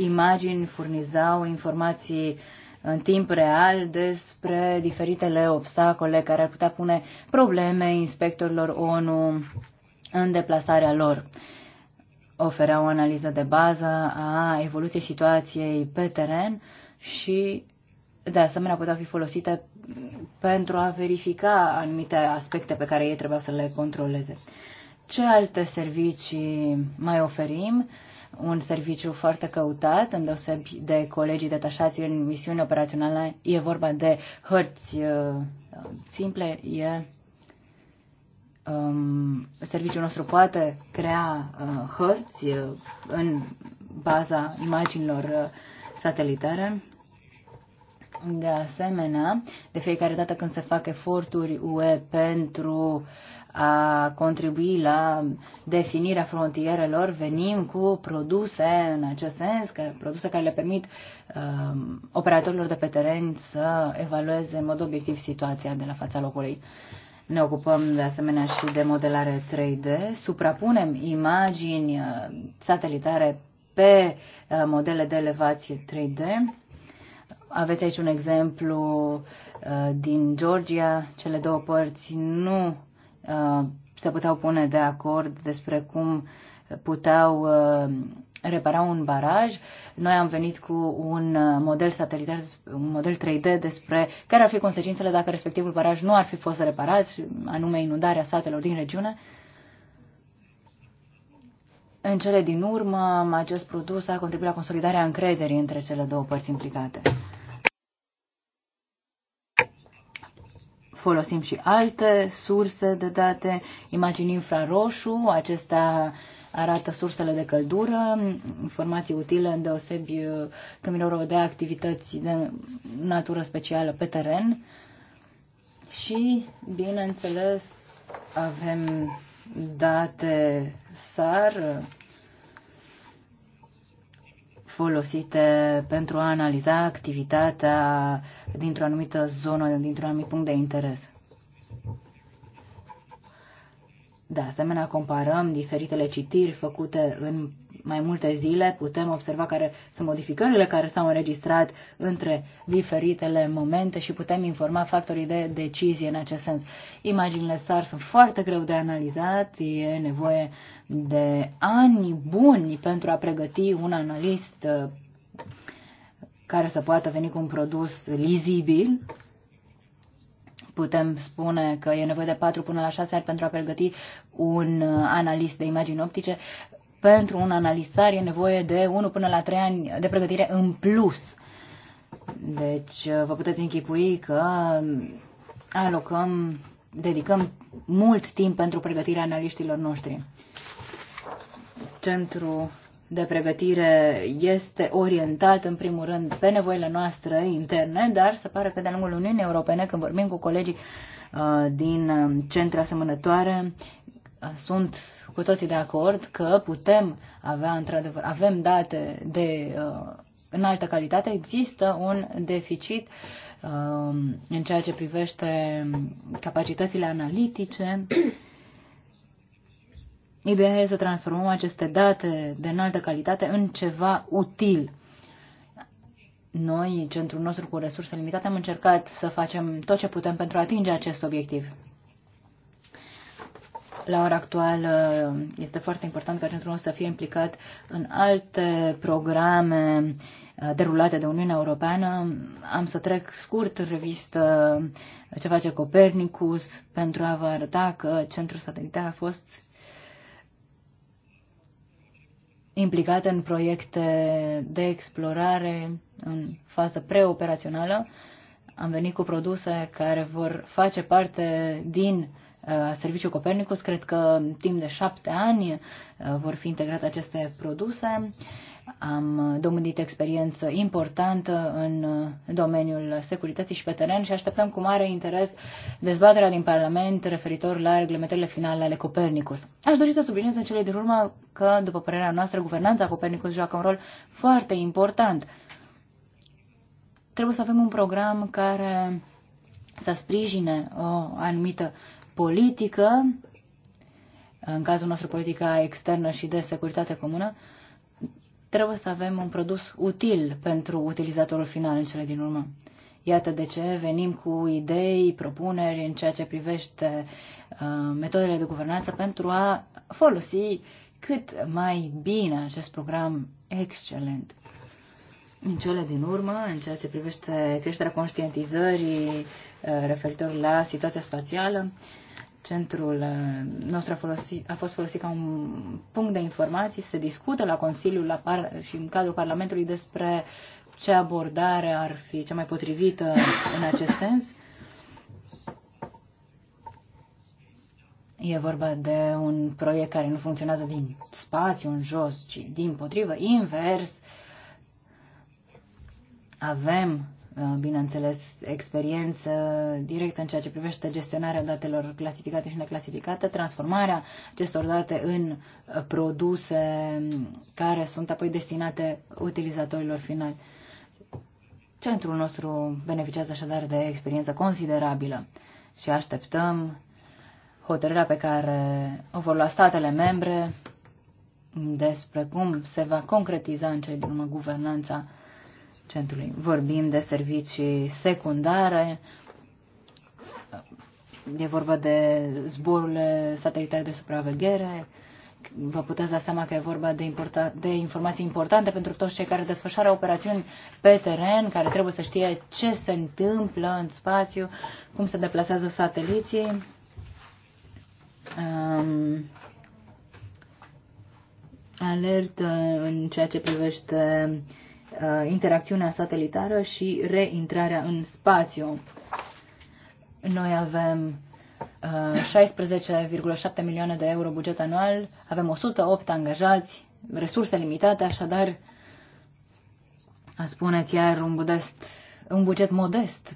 imagini furnizau informații uh, în timp real despre diferitele obstacole care ar putea pune probleme inspectorilor ONU în deplasarea lor. Oferea o analiză de bază a evoluției situației pe teren și, de asemenea, puteau fi folosite pentru a verifica anumite aspecte pe care ei trebuiau să le controleze. Ce alte servicii mai oferim? Uh, un serviciu foarte căutat, îndeosebi de colegii detașați în misiuni operaționale. E vorba de hărți uh, simple, e um, serviciul nostru poate crea uh, hărți uh, în baza imaginilor uh, satelitare. De asemenea, de fiecare dată când se fac eforturi UE pentru a contribui la definirea frontierelor, venim cu produse în acest sens, că, produse care le permit uh, operatorilor de pe teren să evalueze în mod obiectiv situația de la fața locului. Ne ocupăm de asemenea și de modelare 3D, suprapunem imagini uh, satelitare pe uh, modele de elevație 3D. Aveți aici un exemplu uh, din Georgia, cele două părți nu Uh, se puteau pune de acord despre cum puteau uh, repara un baraj. Noi am venit cu un uh, model satelitar, un model 3D despre care ar fi consecințele dacă respectivul baraj nu ar fi fost reparat, anume inundarea satelor din regiune. În cele din urmă, acest produs a contribuit la consolidarea încrederii între cele două părți implicate. folosim și alte surse de date, imagini infraroșu, acestea arată sursele de căldură, informații utile deosebi când vine de activități de natură specială pe teren și, bineînțeles, avem date SAR, folosite pentru a analiza activitatea dintr-o anumită zonă, dintr-un anumit punct de interes. De asemenea, comparăm diferitele citiri făcute în mai multe zile putem observa care sunt modificările care s-au înregistrat între diferitele momente și putem informa factorii de decizie în acest sens. Imaginile SAR sunt foarte greu de analizat, e nevoie de ani buni pentru a pregăti un analist uh, care să poată veni cu un produs lizibil, putem spune că e nevoie de 4 până la 6 ani pentru a pregăti un uh, analist de imagini optice pentru un analizar e nevoie de 1 până la 3 ani de pregătire în plus. Deci uh, vă puteți închipui că um, alocăm, dedicăm mult timp pentru pregătirea analiștilor noștri. Centru de pregătire este orientat în primul rând pe nevoile noastre interne, dar se pare că de-a lungul Uniunii Europene, când vorbim cu colegii uh, din um, centre asemănătoare, sunt cu toții de acord că putem avea, într-adevăr, avem date de uh, înaltă calitate, există un deficit uh, în ceea ce privește capacitățile analitice. Ideea e să transformăm aceste date de înaltă calitate în ceva util. Noi, centrul nostru cu resurse limitate, am încercat să facem tot ce putem pentru a atinge acest obiectiv la ora actuală este foarte important ca centrul nostru să fie implicat în alte programe uh, derulate de Uniunea Europeană. Am să trec scurt în revistă uh, ce face Copernicus pentru a vă arăta că centrul satelitar a fost implicat în proiecte de explorare în fază preoperațională. Am venit cu produse care vor face parte din uh, Uh, serviciu Copernicus. Cred că timp de șapte ani uh, vor fi integrate aceste produse. Am domândit experiență importantă în uh, domeniul securității și pe teren și așteptăm cu mare interes dezbaterea din Parlament referitor la reglementările finale ale Copernicus. Aș dori să subliniez în cele din urmă că, după părerea noastră, guvernanța Copernicus joacă un rol foarte important. Trebuie să avem un program care să sprijine o anumită politică, în cazul nostru politica externă și de securitate comună, trebuie să avem un produs util pentru utilizatorul final în cele din urmă. Iată de ce venim cu idei, propuneri în ceea ce privește uh, metodele de guvernanță pentru a folosi cât mai bine acest program excelent. În cele din urmă, în ceea ce privește creșterea conștientizării uh, referitor la situația spațială, uh, Centrul uh, nostru a, folosit, a fost folosit ca un punct de informații, se discută la Consiliu la par, și în cadrul Parlamentului despre ce abordare ar fi cea mai potrivită în acest sens. E vorba de un proiect care nu funcționează din spațiu în jos, ci din potrivă, invers. Avem Uh, bineînțeles, experiență directă în ceea ce privește gestionarea datelor clasificate și neclasificate, transformarea acestor date în uh, produse care sunt apoi destinate utilizatorilor finali. Centrul nostru beneficiază așadar de experiență considerabilă și așteptăm hotărârea pe care o vor lua statele membre despre cum se va concretiza în cele din urmă guvernanța centrului. Vorbim de servicii secundare, e vorba de zborurile satelitare de supraveghere, vă puteți da seama că e vorba de, importa, de informații importante pentru toți cei care desfășoară operațiuni pe teren, care trebuie să știe ce se întâmplă în spațiu, cum se deplasează sateliții. Um, alert uh, în ceea ce privește uh, Uh, interacțiunea satelitară și reintrarea în spațiu. Noi avem 16,7 uh, milioane de euro buget anual, avem 108 angajați, resurse limitate, așadar a spune chiar un, budest, un buget modest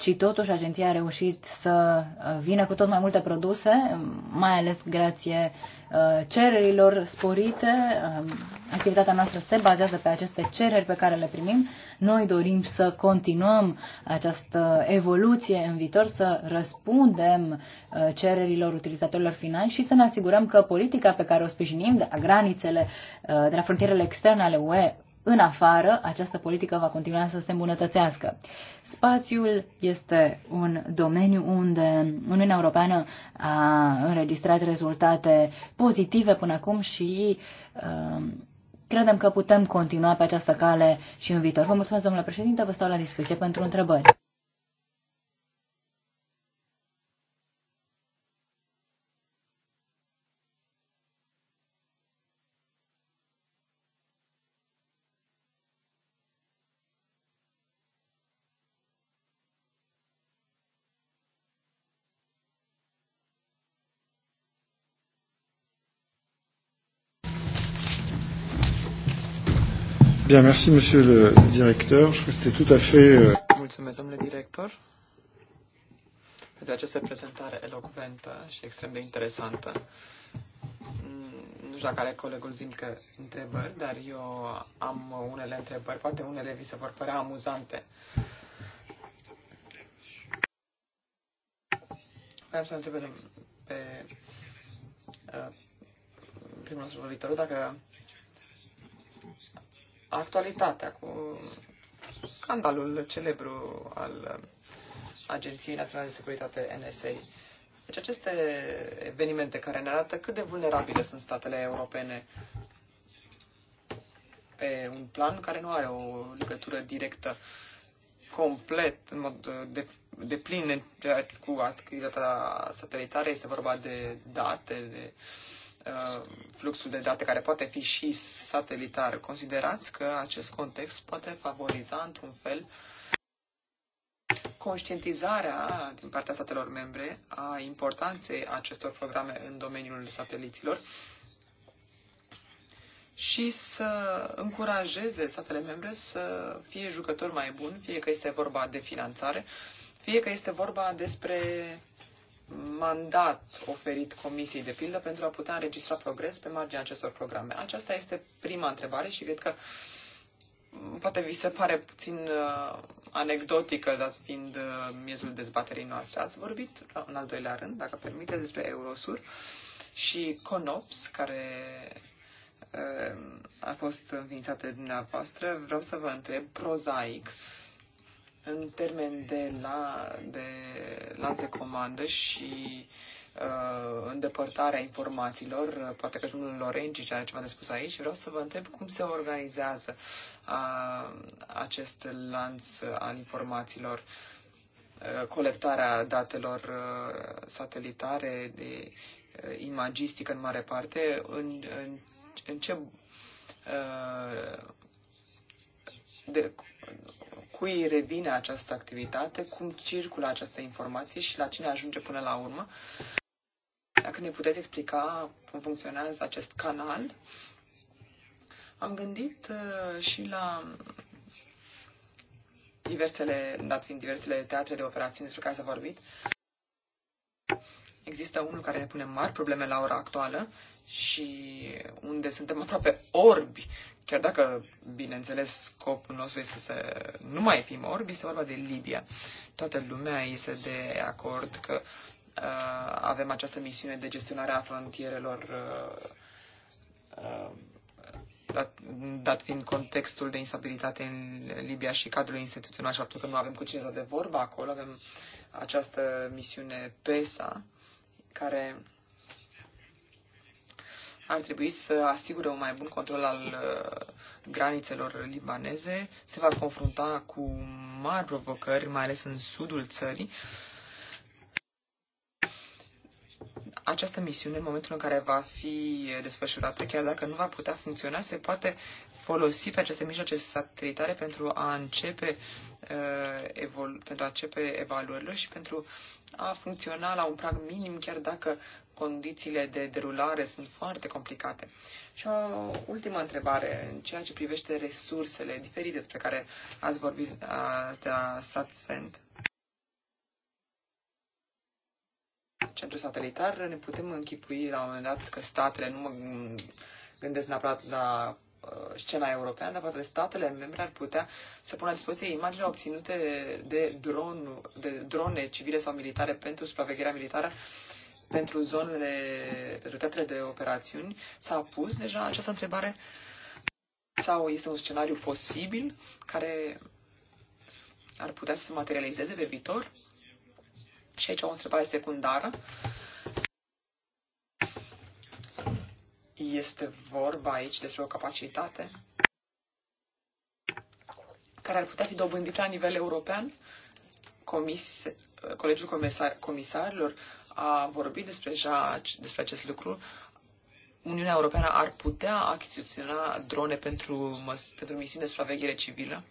ci totuși agenția a reușit să uh, vină cu tot mai multe produse, mai ales grație uh, cererilor sporite. Um, activitatea noastră se bazează pe aceste cereri pe care le primim. Noi dorim să continuăm această evoluție în viitor, să răspundem uh, cererilor utilizatorilor finali și să ne asigurăm că politica pe care o sprijinim de la granițele, de la frontierele externe ale UE în afară, această politică va continua să se îmbunătățească. Spațiul este un domeniu unde Uniunea Europeană a înregistrat rezultate pozitive până acum și uh, credem că putem continua pe această cale și în viitor. Vă mulțumesc, domnule președinte, vă stau la dispoziție pentru întrebări. Bien, merci monsieur le directeur. Je crois que c'était tout à fait... Euh, Mulțumesc, domnule director, pentru această prezentare elocventă și extrem de interesantă. Mm, nu știu dacă are colegul Zimcă întrebări, dar eu am unele întrebări. Poate unele vi se vor părea amuzante. Vreau să întreb pe uh, primul nostru vorbitor dacă actualitatea, cu scandalul celebru al Agenției Naționale de Securitate NSA. Deci aceste evenimente care ne arată cât de vulnerabile sunt statele europene pe un plan care nu are o legătură directă complet, în mod uh, de, de plin cu activitatea satelitară, este vorba de date, de uh, Uh, fluxul de date care poate fi și satelitar. Considerați că acest context poate favoriza într-un fel conștientizarea din partea statelor membre a importanței acestor programe în domeniul sateliților și să încurajeze statele membre să fie jucători mai buni, fie că este vorba de finanțare, fie că este vorba despre mandat oferit comisiei, de pildă, pentru a putea înregistra progres pe marginea acestor programe? Aceasta este prima întrebare și cred că mm, poate vi se pare puțin uh, anecdotică, dat fiind uh, miezul dezbaterii noastre. Ați vorbit, uh, în al doilea rând, dacă permite, despre Eurosur și CONOPS, care uh, a fost înființată de dumneavoastră. Vreau să vă întreb prozaic în termen de, la, de lanț de comandă și uh, îndepărtarea informațiilor, poate că domnul Lorenci are ceva de spus aici, vreau să vă întreb cum se organizează uh, acest lanț al informațiilor, uh, colectarea datelor uh, satelitare, de uh, imagistică în mare parte, în, în, în ce... Uh, de, cui revine această activitate, cum circulă această informație și la cine ajunge până la urmă. Dacă ne puteți explica cum funcționează acest canal, am gândit uh, și la diversele, dat fiind diversele teatre de operațiuni despre care s-a vorbit, Există unul care ne pune mari probleme la ora actuală și unde suntem aproape orbi, chiar dacă, bineînțeles, scopul nostru este să nu mai fim orbi, este vorba de Libia. Toată lumea este de acord că uh, avem această misiune de gestionare a frontierelor uh, uh, dat, fiind contextul de instabilitate în Libia și cadrul instituțional și faptul că nu avem cu cine să de vorba acolo, avem această misiune PESA, care ar trebui să asigure un mai bun control al uh, granițelor libaneze, se va confrunta cu mari provocări, mai ales în sudul țării. Această misiune, în momentul în care va fi desfășurată, chiar dacă nu va putea funcționa, se poate folosi pe aceste mijloace satelitare pentru a începe, uh, pentru a începe evaluările și pentru a funcționa la un prag minim, chiar dacă condițiile de derulare sunt foarte complicate. Și o ultimă întrebare în ceea ce privește resursele diferite despre care ați vorbit de la SatSend. Centru satelitar, ne putem închipui la un moment dat că statele, nu mă gândesc neapărat la Uh, scena europeană, dar poate statele membre ar putea să pună la dispoziție imagini obținute de, dron, de drone civile sau militare pentru supravegherea militară pentru zonele, pentru teatrele de operațiuni. S-a pus deja această întrebare sau este un scenariu posibil care ar putea să se materializeze pe viitor? Și aici o întrebare secundară. Uh, Este vorba aici despre o capacitate care ar putea fi dobândită la nivel european. Comis, Colegiul Comisar, Comisarilor a vorbit despre, ja, despre acest lucru. Uniunea Europeană ar putea achiziționa drone pentru, pentru misiuni de supraveghere civilă.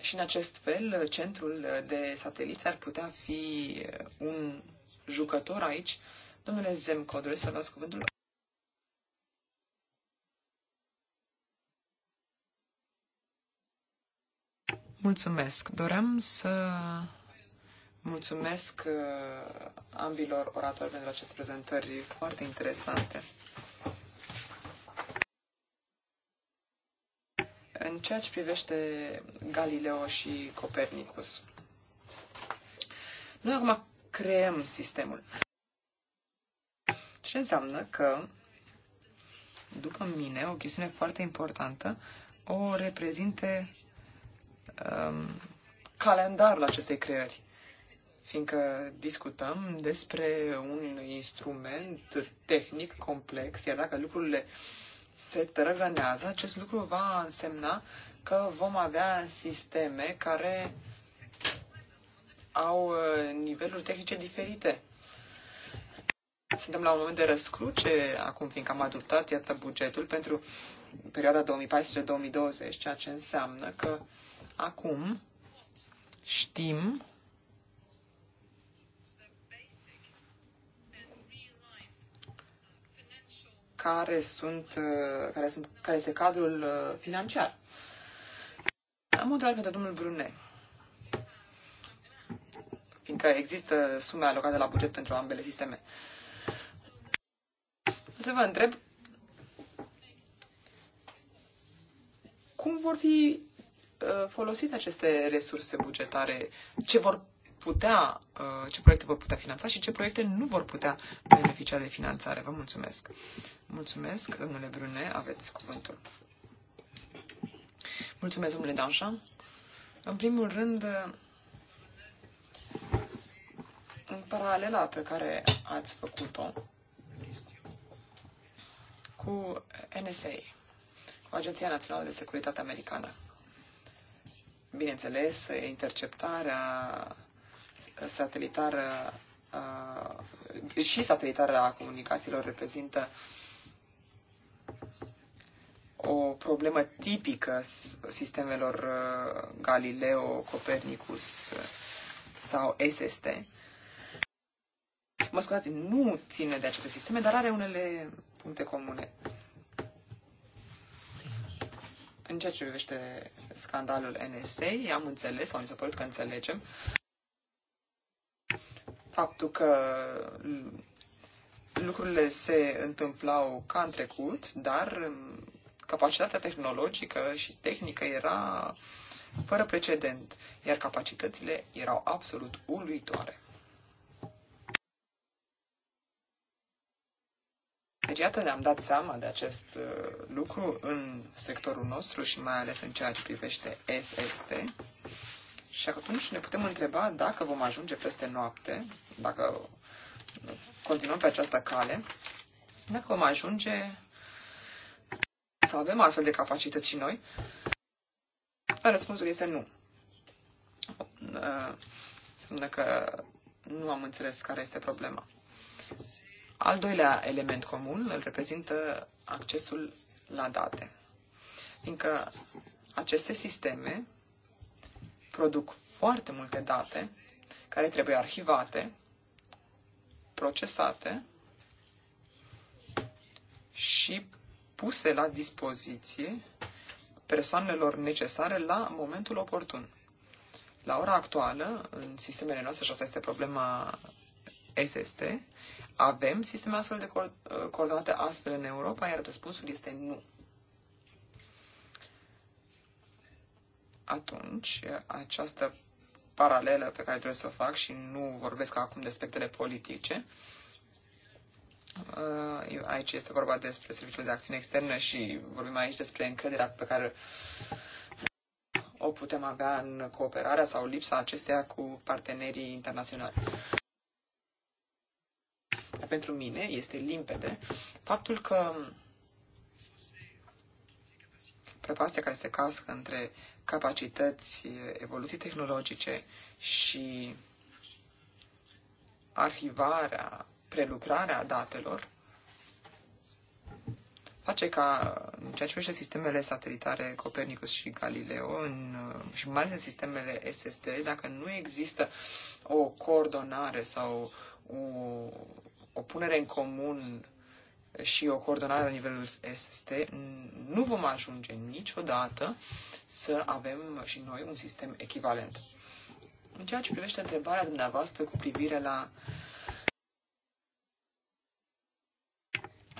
Și în acest fel, centrul de sateliți ar putea fi un jucător aici Domnule Zemco, doresc să luați cuvântul. Mulțumesc. Doream să mulțumesc uh, ambilor oratori pentru aceste prezentări foarte interesante. În ceea ce privește Galileo și Copernicus, noi acum creăm sistemul. Ce înseamnă că, după mine, o chestiune foarte importantă o reprezinte um, calendarul acestei creări fiindcă discutăm despre un instrument tehnic complex, iar dacă lucrurile se trăgănează, acest lucru va însemna că vom avea sisteme care au uh, niveluri tehnice diferite suntem la un moment de răscruce acum, fiindcă am adoptat, iată, bugetul pentru perioada 2014-2020, ceea ce înseamnă că acum știm care sunt, care sunt, care este cadrul uh, financiar. Am o întrebare pentru domnul Brunet. Fiindcă există sume alocate la buget pentru ambele sisteme. Uh, să vă întreb cum vor fi uh, folosite aceste resurse bugetare, ce vor putea, uh, ce proiecte vor putea finanța și ce proiecte nu vor putea beneficia de finanțare. Vă mulțumesc. Mulțumesc, domnule Brune, aveți cuvântul. Mulțumesc, domnule Danșan. În primul rând, în paralela pe care ați făcut-o, cu NSA, cu Agenția Națională de Securitate Americană. Bineînțeles, interceptarea satelitară și satelitarea comunicațiilor reprezintă o problemă tipică sistemelor Galileo, Copernicus sau SST. Mă scuzați, nu ține de aceste sisteme, dar are unele puncte comune. În ceea ce privește scandalul NSA, am înțeles, sau mi s-a părut că înțelegem, faptul că lucrurile se întâmplau ca în trecut, dar capacitatea tehnologică și tehnică era fără precedent, iar capacitățile erau absolut uluitoare. Deci, iată, ne-am dat seama de acest uh, lucru în sectorul nostru și mai ales în ceea ce privește SST. Și atunci ne putem întreba dacă vom ajunge peste noapte, dacă continuăm pe această cale, dacă vom ajunge să avem astfel de capacități și noi. Răspunsul este nu. Uh, înseamnă că nu am înțeles care este problema. Al doilea element comun îl reprezintă accesul la date, fiindcă aceste sisteme produc foarte multe date care trebuie arhivate, procesate și puse la dispoziție persoanelor necesare la momentul oportun. La ora actuală, în sistemele noastre, și asta este problema SST, avem sisteme astfel de uh, coordonate astfel în Europa? Iar răspunsul este nu. Atunci, această paralelă pe care trebuie să o fac și nu vorbesc acum de aspectele politice, uh, aici este vorba despre serviciul de acțiune externă și vorbim aici despre încrederea pe care o putem avea în cooperarea sau lipsa acesteia cu partenerii internaționali pentru mine este limpede faptul că prăpastia care se cască între capacități, evoluții tehnologice și arhivarea, prelucrarea datelor, face ca, în ceea ce privește sistemele satelitare Copernicus și Galileo, în, și mai ales în sistemele SST, dacă nu există o coordonare sau o, o punere în comun și o coordonare la nivelul SST, nu vom ajunge niciodată să avem și noi un sistem echivalent. În ceea ce privește întrebarea dumneavoastră cu privire la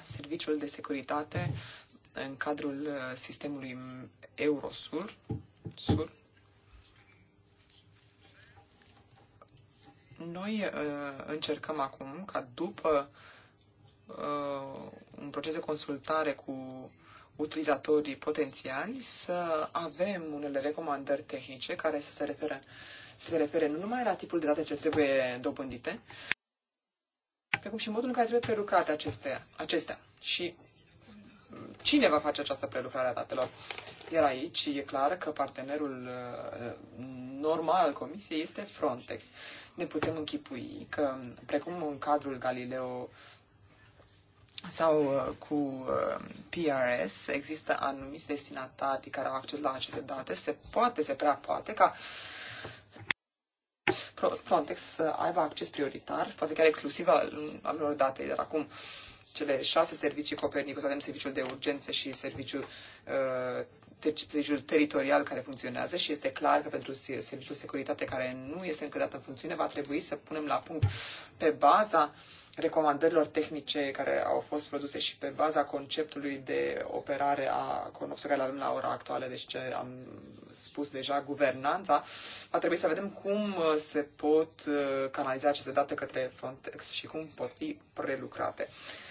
serviciul de securitate în cadrul uh, sistemului Eurosur, Sur, Noi uh, încercăm acum ca după uh, un proces de consultare cu utilizatorii potențiali să avem unele recomandări tehnice care să se referă să se refere nu numai la tipul de date ce trebuie dobândite, precum și modul în care trebuie prelucrate acestea. acestea. Și cine va face această prelucrare a datelor. Iar aici e clar că partenerul uh, normal al Comisiei este Frontex. Ne putem închipui că, precum în cadrul Galileo sau uh, cu uh, PRS, există anumiți destinatari care au acces la aceste date, se poate, se prea poate ca Frontex să aibă acces prioritar, poate chiar exclusiv al unor date, dar acum uh, cele șase servicii Copernicus, avem serviciul de urgență și serviciul, uh, serviciul teritorial care funcționează și este clar că pentru serviciul securitate care nu este încă dat în funcțiune va trebui să punem la punct pe baza recomandărilor tehnice care au fost produse și pe baza conceptului de operare a conopsului care avem la ora actuală, deci ce am spus deja, guvernanța, va trebui să vedem cum uh, se pot uh, canaliza aceste date către Frontex și cum pot fi prelucrate. Uh,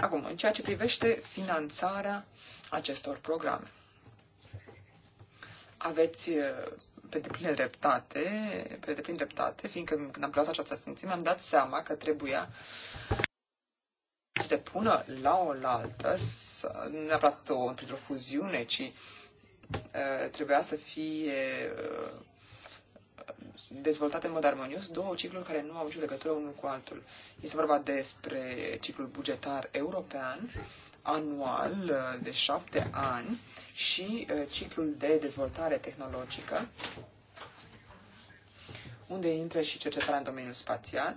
Acum, în ceea ce privește finanțarea acestor programe. Aveți eh, pe deplin dreptate, pe deplin dreptate, fiindcă când am preluat această funcție, mi-am dat seama că trebuia să se pună la oaltă, să, nu neapărat o, printr-o fuziune, ci uh, trebuia să fie uh, dezvoltate în mod armonios două cicluri care nu au nicio legătură unul cu altul. Este vorba despre ciclul bugetar european, anual de șapte ani și eh, ciclul de dezvoltare tehnologică, unde intră și cercetarea în domeniul spațial.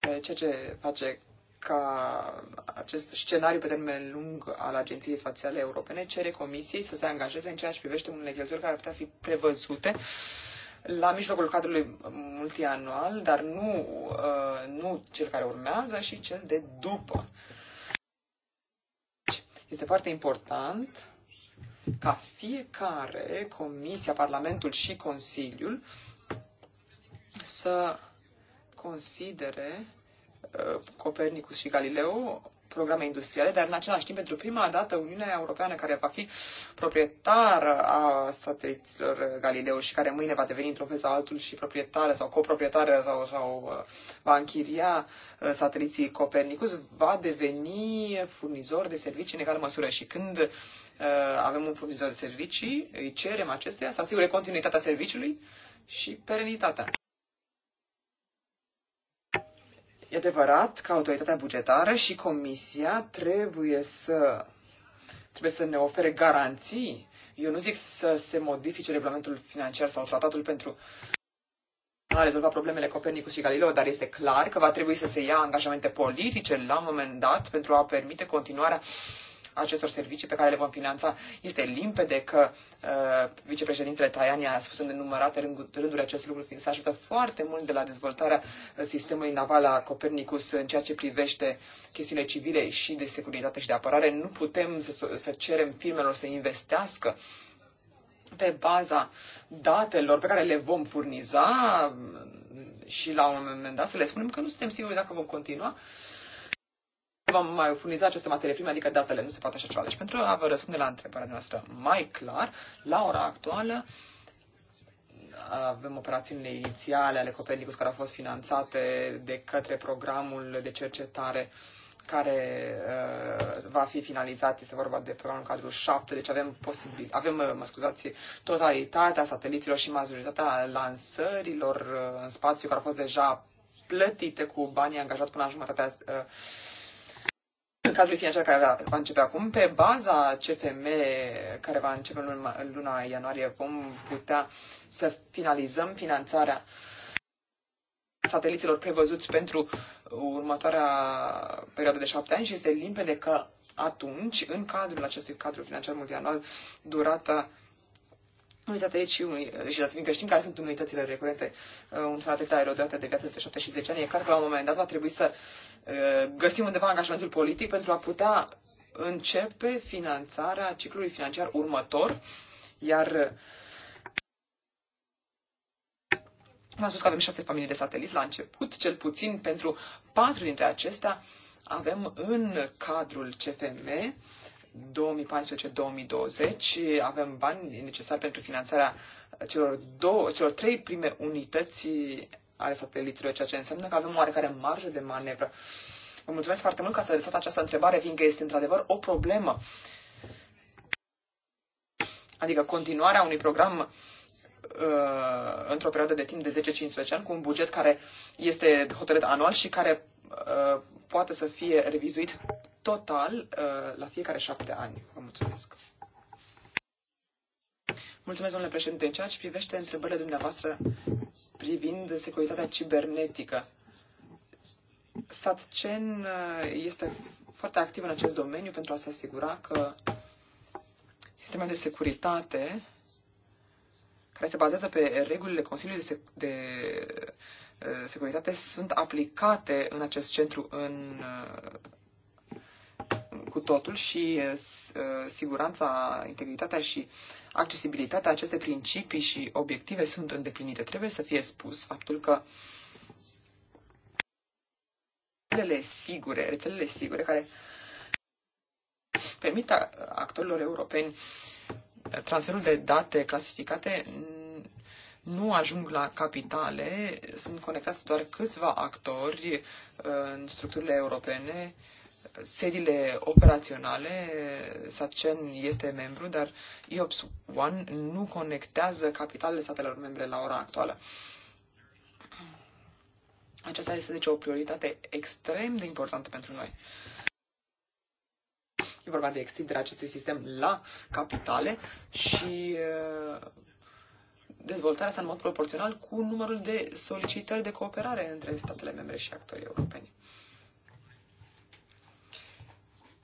Eh, ceea ce face ca acest scenariu pe termen lung al Agenției Spațiale Europene cere Comisiei să se angajeze în ceea ce privește unele cheltuieli care ar putea fi prevăzute la mijlocul cadrului multianual, dar nu, uh, nu cel care urmează și cel de după. Deci, este foarte important ca fiecare, Comisia, Parlamentul și Consiliul, să considere Uh, Copernicus și Galileo, programe industriale, dar în același timp, pentru prima dată, Uniunea Europeană, care va fi proprietară a sateliților Galileo și care mâine va deveni într-un fel sau altul și proprietară sau coproprietară sau, sau uh, va închiria uh, sateliții Copernicus, va deveni furnizor de servicii în egală măsură. Și când uh, avem un furnizor de servicii, îi cerem acestea să asigure continuitatea serviciului și perenitatea. E adevărat că autoritatea bugetară și comisia trebuie să, trebuie să ne ofere garanții. Eu nu zic să se modifice regulamentul financiar sau tratatul pentru a rezolva problemele Copernicus și Galileo, dar este clar că va trebui să se ia angajamente politice la un moment dat pentru a permite continuarea acestor servicii pe care le vom finanța. Este limpede că uh, vicepreședintele Tajani a spus în nenumărate rânduri acest lucru, fiind să ajută foarte mult de la dezvoltarea uh, sistemului naval a Copernicus în ceea ce privește chestiunile civile și de securitate și de apărare. Nu putem să, să cerem firmelor să investească pe baza datelor pe care le vom furniza mm, și la un moment dat să le spunem că nu suntem siguri dacă vom continua uh, vom mai furniza aceste materii prime, adică datele, nu se poate așa ceva. Deci pentru a vă răspunde la întrebarea noastră mai clar, la ora actuală, avem operațiunile inițiale ale Copernicus care au fost finanțate de către programul de cercetare care uh, va fi finalizat, este vorba de programul cadrul 7, deci avem, posibil, avem uh, mă scuzați, totalitatea sateliților și majoritatea lansărilor uh, în spațiu care au fost deja plătite cu banii angajați până la jumătatea uh, cadrul financiar care va începe acum, pe baza CFM care va începe în luna ianuarie, vom putea să finalizăm finanțarea sateliților prevăzuți pentru următoarea perioadă de șapte ani și este limpede că atunci, în cadrul acestui cadru financiar multianual, durata unui satelit și, unui, și dat că știm care sunt unitățile recurente, uh, un satelit are o durată de viață între 7 și 10 ani, e clar că la un moment dat va trebui să uh, găsim undeva angajamentul politic pentru a putea începe finanțarea ciclului financiar următor, iar uh, V-am spus că avem șase familii de sateliți la început, cel puțin pentru patru dintre acestea avem în cadrul CFM 2014-2020. Avem bani necesari pentru finanțarea celor, două, celor trei prime unități ale satelitului ceea ce înseamnă că avem oarecare marjă de manevră. Vă mulțumesc foarte mult că ați adresat această întrebare, fiindcă este într-adevăr o problemă. Adică continuarea unui program uh, într-o perioadă de timp de 10-15 ani, cu un buget care este hotărât anual și care uh, poate să fie revizuit total uh, la fiecare șapte ani. Vă mulțumesc. Mulțumesc, domnule președinte. În ceea ce privește întrebările dumneavoastră privind securitatea cibernetică, SatCen uh, este foarte activ în acest domeniu pentru a se asigura că sistemele de securitate care se bazează pe regulile Consiliului de, Sec- de uh, Securitate sunt aplicate în acest centru în cu totul și siguranța, integritatea și accesibilitatea, aceste principii și obiective sunt îndeplinite. Trebuie să fie spus faptul că rețelele sigure, rețelele sigure care permit actorilor europeni transferul de date clasificate nu ajung la capitale, sunt conectați doar câțiva actori în structurile europene sediile operaționale, SACEN este membru, dar IOPS One nu conectează capitalele statelor membre la ora actuală. Aceasta este deci o prioritate extrem de importantă pentru noi. E vorba de extinderea acestui sistem la capitale și uh, dezvoltarea asta în mod proporțional cu numărul de solicitări de cooperare între statele membre și actorii europeni.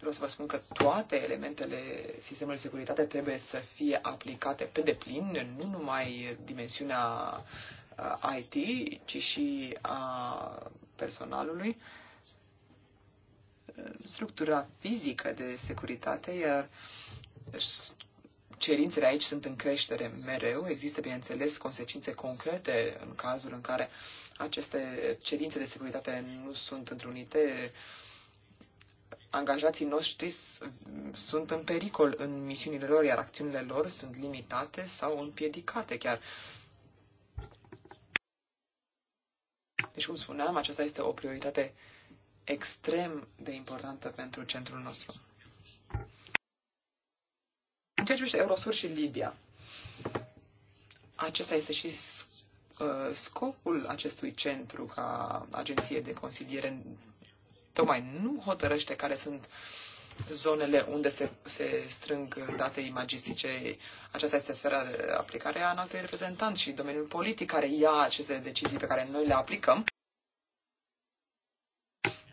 Vreau să vă spun că toate elementele sistemului de securitate trebuie să fie aplicate pe deplin, nu numai dimensiunea IT, ci și a personalului structura fizică de securitate, iar cerințele aici sunt în creștere mereu. Există, bineînțeles, consecințe concrete în cazul în care aceste cerințe de securitate nu sunt întrunite. Uh, angajații noștri sunt în pericol în misiunile lor, iar acțiunile lor sunt limitate sau împiedicate chiar. Deci, cum spuneam, aceasta este o prioritate extrem de importantă pentru centrul nostru. În ceea ce privește Eurosur și Libia, acesta este și uh, scopul acestui centru ca agenție de consiliere tocmai nu hotărăște care sunt zonele unde se, se strâng date imagistice. Aceasta este sfera de aplicare a înaltui reprezentant și domeniul politic care ia aceste decizii pe care noi le aplicăm.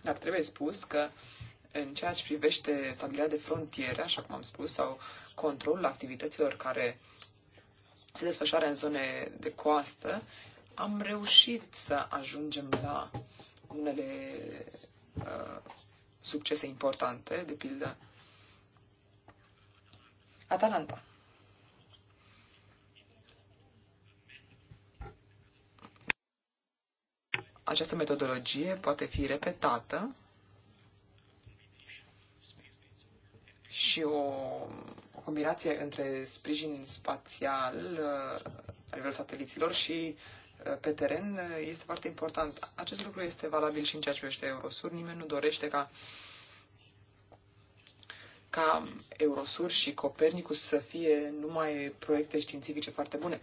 Dar trebuie spus că în ceea ce privește stabilirea de frontiere, așa cum am spus, sau controlul activităților care se desfășoară în zone de coastă, am reușit să ajungem la unele Uh, succese importante, de pildă Atalanta. Această metodologie poate fi repetată și o, o combinație între sprijin spațial uh, la nivelul sateliților și pe teren este foarte important. Acest lucru este valabil și în ceea ce privește Eurosur. Nimeni nu dorește ca ca Eurosur și Copernicus să fie numai proiecte științifice foarte bune.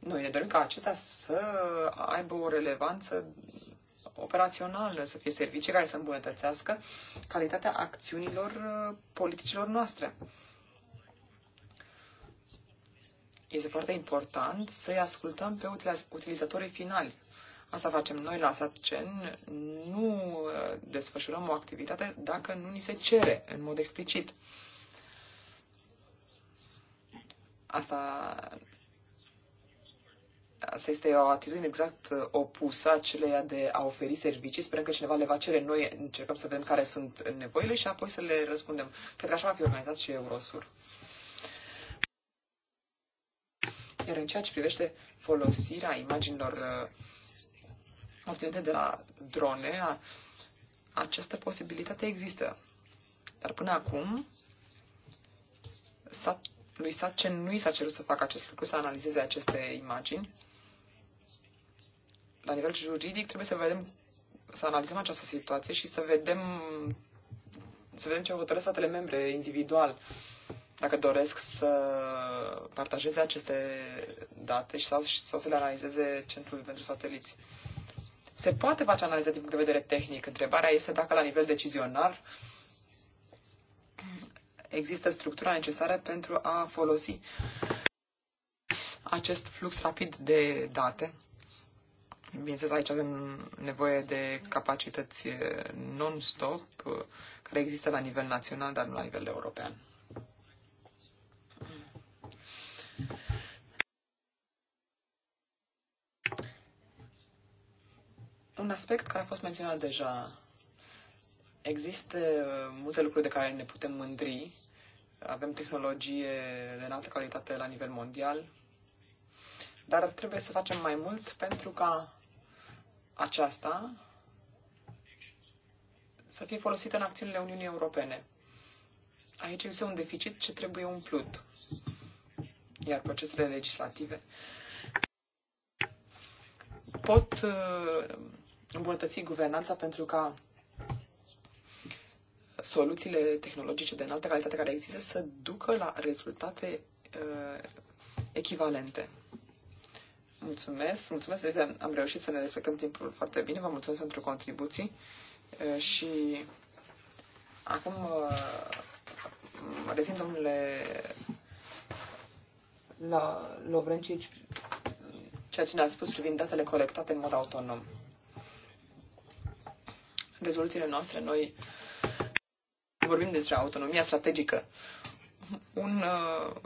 Noi ne dorim ca acestea să aibă o relevanță operațională, să fie servicii care să îmbunătățească calitatea acțiunilor uh, politicilor noastre. Este foarte important să-i ascultăm pe utilizatorii finali. Asta facem noi la SatGen, Nu uh, desfășurăm o activitate dacă nu ni se cere în mod explicit. Asta, asta este o atitudine exact opusă aceleia de a oferi servicii. Sperăm că cineva le va cere. Noi încercăm să vedem care sunt nevoile și apoi să le răspundem. Cred că așa va fi organizat și Eurosur. Iar în ceea ce privește folosirea imaginilor uh, obținute de la drone, această posibilitate există. Dar până acum, s-a, lui Satchen nu i s-a cerut să facă acest lucru, să analizeze aceste imagini. La nivel juridic trebuie să vedem, să analizăm această situație și să vedem, să vedem ce hotărăsc statele membre individual. Uh, dacă doresc să partajeze aceste date și sau, sau să le analizeze Centrul pentru Sateliți. Se poate face analiză din punct de vedere tehnic. Întrebarea este dacă la nivel decizional există structura necesară pentru a folosi acest flux rapid de date. Bineînțeles, aici avem nevoie de capacități non-stop care există la nivel național, dar nu la nivel european. Un aspect care a fost menționat deja. Există uh, multe lucruri de care ne putem mândri. Avem tehnologie de înaltă calitate la nivel mondial, dar trebuie să facem mai mult pentru ca aceasta să fie folosită în acțiunile Uniunii Europene. Aici există un deficit ce trebuie umplut. Iar procesele legislative pot uh, îmbunătăți guvernanța pentru ca soluțiile tehnologice de înaltă calitate care există să ducă la rezultate uh, echivalente. Mulțumesc, mulțumesc, am reușit să ne respectăm timpul foarte bine, vă mulțumesc pentru contribuții uh, și acum uh, rezint domnule la Lovrencici ceea ce ne-a spus privind datele colectate în mod autonom rezoluțiile noastre, noi vorbim despre autonomia strategică. Un uh,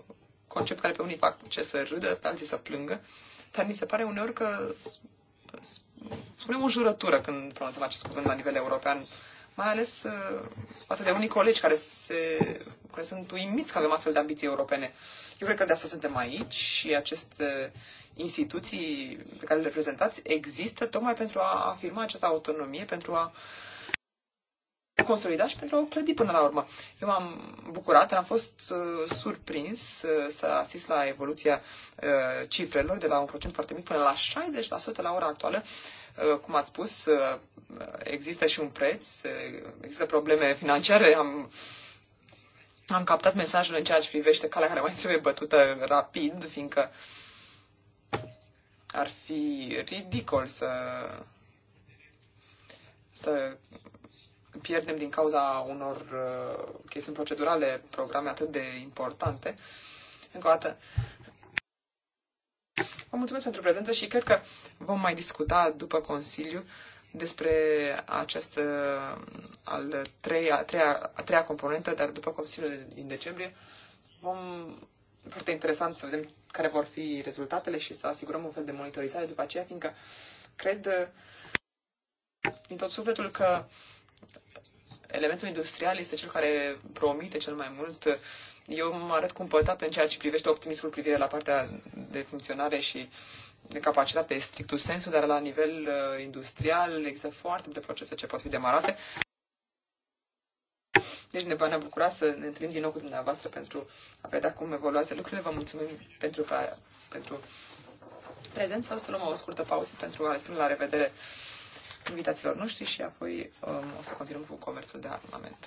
concept care pe unii fac ce să râdă, pe alții să plângă, dar mi se pare uneori că spunem o jurătură când pronunțăm acest cuvânt la nivel european, mai ales uh, față de unii colegi care, se, care sunt uimiți că avem astfel de ambiții europene. Eu cred că de asta suntem aici și aceste instituții pe care le reprezentați există tocmai pentru a afirma această autonomie, pentru a uh, consolidat și pentru a o clădi până la urmă. Eu m-am bucurat, am fost uh, surprins uh, să asist la evoluția uh, cifrelor de la un procent foarte mic până la 60% la ora actuală. Uh, cum ați spus, uh, există și un preț, uh, există probleme financiare. Am, am captat mesajul în ceea ce privește calea care mai trebuie bătută rapid, fiindcă ar fi ridicol să să pierdem din cauza unor uh, chestiuni procedurale programe atât de importante. Încă o dată, vă mulțumesc pentru prezență și cred că vom mai discuta după Consiliu despre această uh, al treia, a treia, a treia componentă, dar după Consiliul din decembrie vom foarte interesant să vedem care vor fi rezultatele și să asigurăm un fel de monitorizare după aceea, fiindcă cred uh, din tot sufletul că elementul industrial este cel care promite cel mai mult. Eu mă arăt cumpătat în ceea ce privește optimismul privire la partea de funcționare și de capacitate strictul sensul, dar la nivel uh, industrial există foarte multe procese ce pot fi demarate. Deci ne va bucura să ne întâlnim din nou cu dumneavoastră pentru a vedea cum evoluează lucrurile. Vă mulțumim pentru, pentru prezența. O să luăm o scurtă pauză pentru a spune la revedere invitațiilor noștri și apoi um, o să continuăm cu comerțul de armament.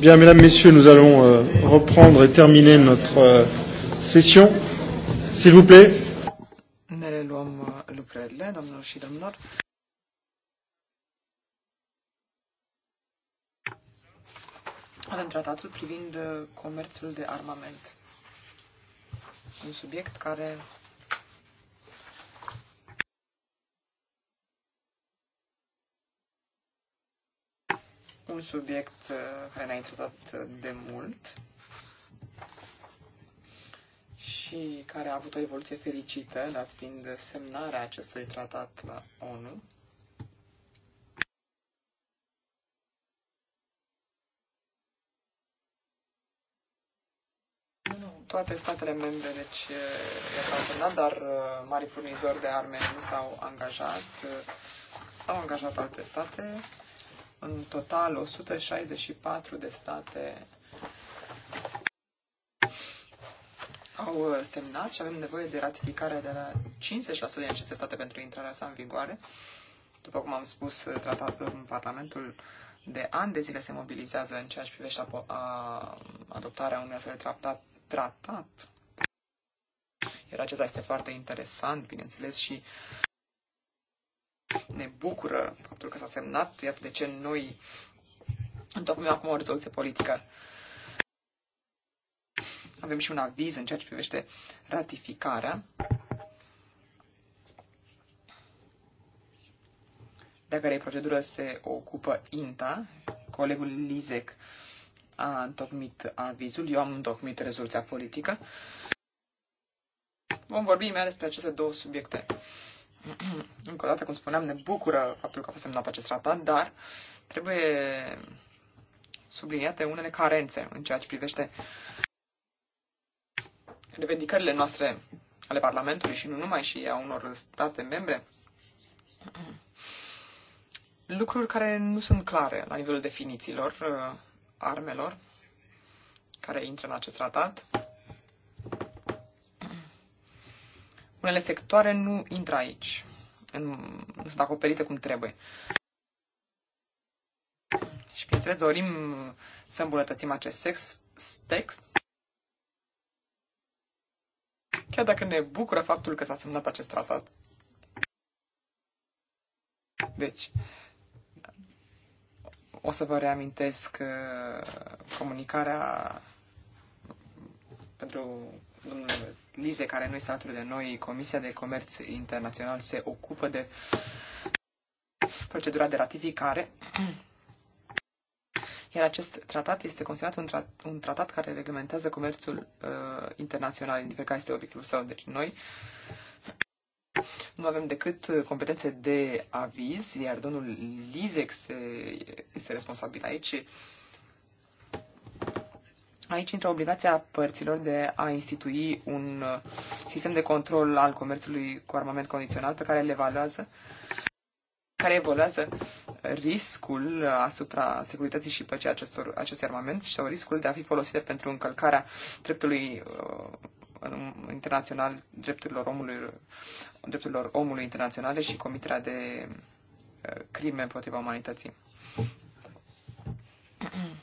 Bien, mesdames, messieurs, nous allons euh, reprendre et terminer notre euh, session. S'il vous plaît. Uh, Avem tratatul privind uh, comerțul de armament. Un subiect care un subiect uh, care ne-a interesat uh, de mult și care a avut o evoluție fericită, dat fiind semnarea acestui tratat la ONU. toate statele membre deci uh, i dar mari furnizori de arme nu s-au angajat. S-au angajat alte state în total 164 de state au semnat și avem nevoie de ratificarea de la 50% din aceste state pentru intrarea sa în vigoare. După cum am spus, tratatul, în Parlamentul de ani de zile se mobilizează în ceea ce privește a, a, adoptarea unui astfel de tratat, tratat. Iar acesta este foarte interesant, bineînțeles, și ne bucură faptul că s-a semnat, iată de ce noi întocmim acum o rezoluție politică. Avem și un aviz în ceea ce privește ratificarea. de care procedură se ocupă INTA, colegul Lizec a întocmit avizul, eu am întocmit rezoluția politică. Vom vorbi mai despre aceste două subiecte Încă o dată, cum spuneam, ne bucură faptul că a fost semnat acest tratat, dar trebuie subliniate unele carențe în ceea ce privește revendicările noastre ale Parlamentului și nu numai și a unor state membre, lucruri care nu sunt clare la nivelul definițiilor uh, armelor care intră în acest tratat Unele sectoare nu intră aici, în, nu sunt acoperite cum trebuie. Și bineînțeles dorim uh, să îmbunătățim acest sex, text. Chiar dacă ne bucură faptul că s-a semnat acest tratat. Deci, o să vă reamintesc uh, comunicarea pentru domnul Lize, care nu este alături de noi, Comisia de Comerț Internațional se ocupă de procedura de ratificare. Iar acest tratat este considerat un, tra- un tratat care reglementează comerțul uh, internațional, indiferent care este obiectivul său. Deci noi nu avem decât competențe de aviz, iar domnul Lizex se, este responsabil aici. Uh, aici intră obligația părților de a institui un uh, sistem de control al comerțului cu armament condițional pe care le evaluează care evoluează riscul asupra securității și păcii acestor, acestui armament sau riscul de a fi folosite pentru încălcarea dreptului uh, internațional, drepturilor omului, drepturilor omului internaționale și comiterea de uh, crime împotriva umanității.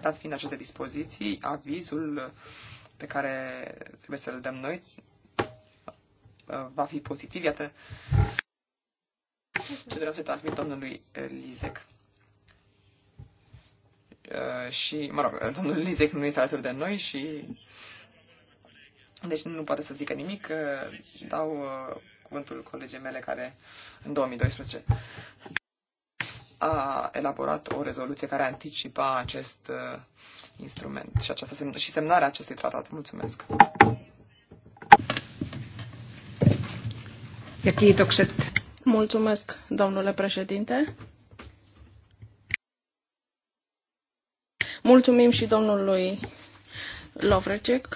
Dat fiind aceste dispoziții, avizul pe care trebuie să-l dăm noi uh, va fi pozitiv. Iată ce vreau să transmit domnului uh, Lizec. Uh, și, mă rog, domnul Lizec nu este alături de noi și deci nu poate să zică nimic. Dau cuvântul colegii mele care în 2012 a elaborat o rezoluție care anticipa acest uh, instrument și, această semn- și semnarea acestui tratat. Mulțumesc! Mulțumesc, domnule președinte! Mulțumim și domnului Lovrecek.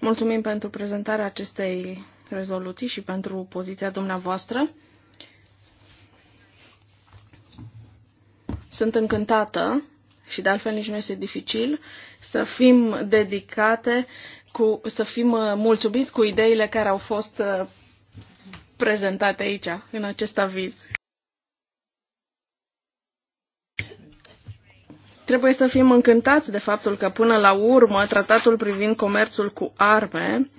Mulțumim pentru prezentarea acestei rezoluții și pentru poziția dumneavoastră. Sunt încântată și de altfel nici nu este dificil să fim dedicate, cu, să fim uh, mulțumiți cu ideile care au fost uh, prezentate aici, în acest aviz. Trebuie să fim încântați de faptul că până la urmă tratatul privind comerțul cu arme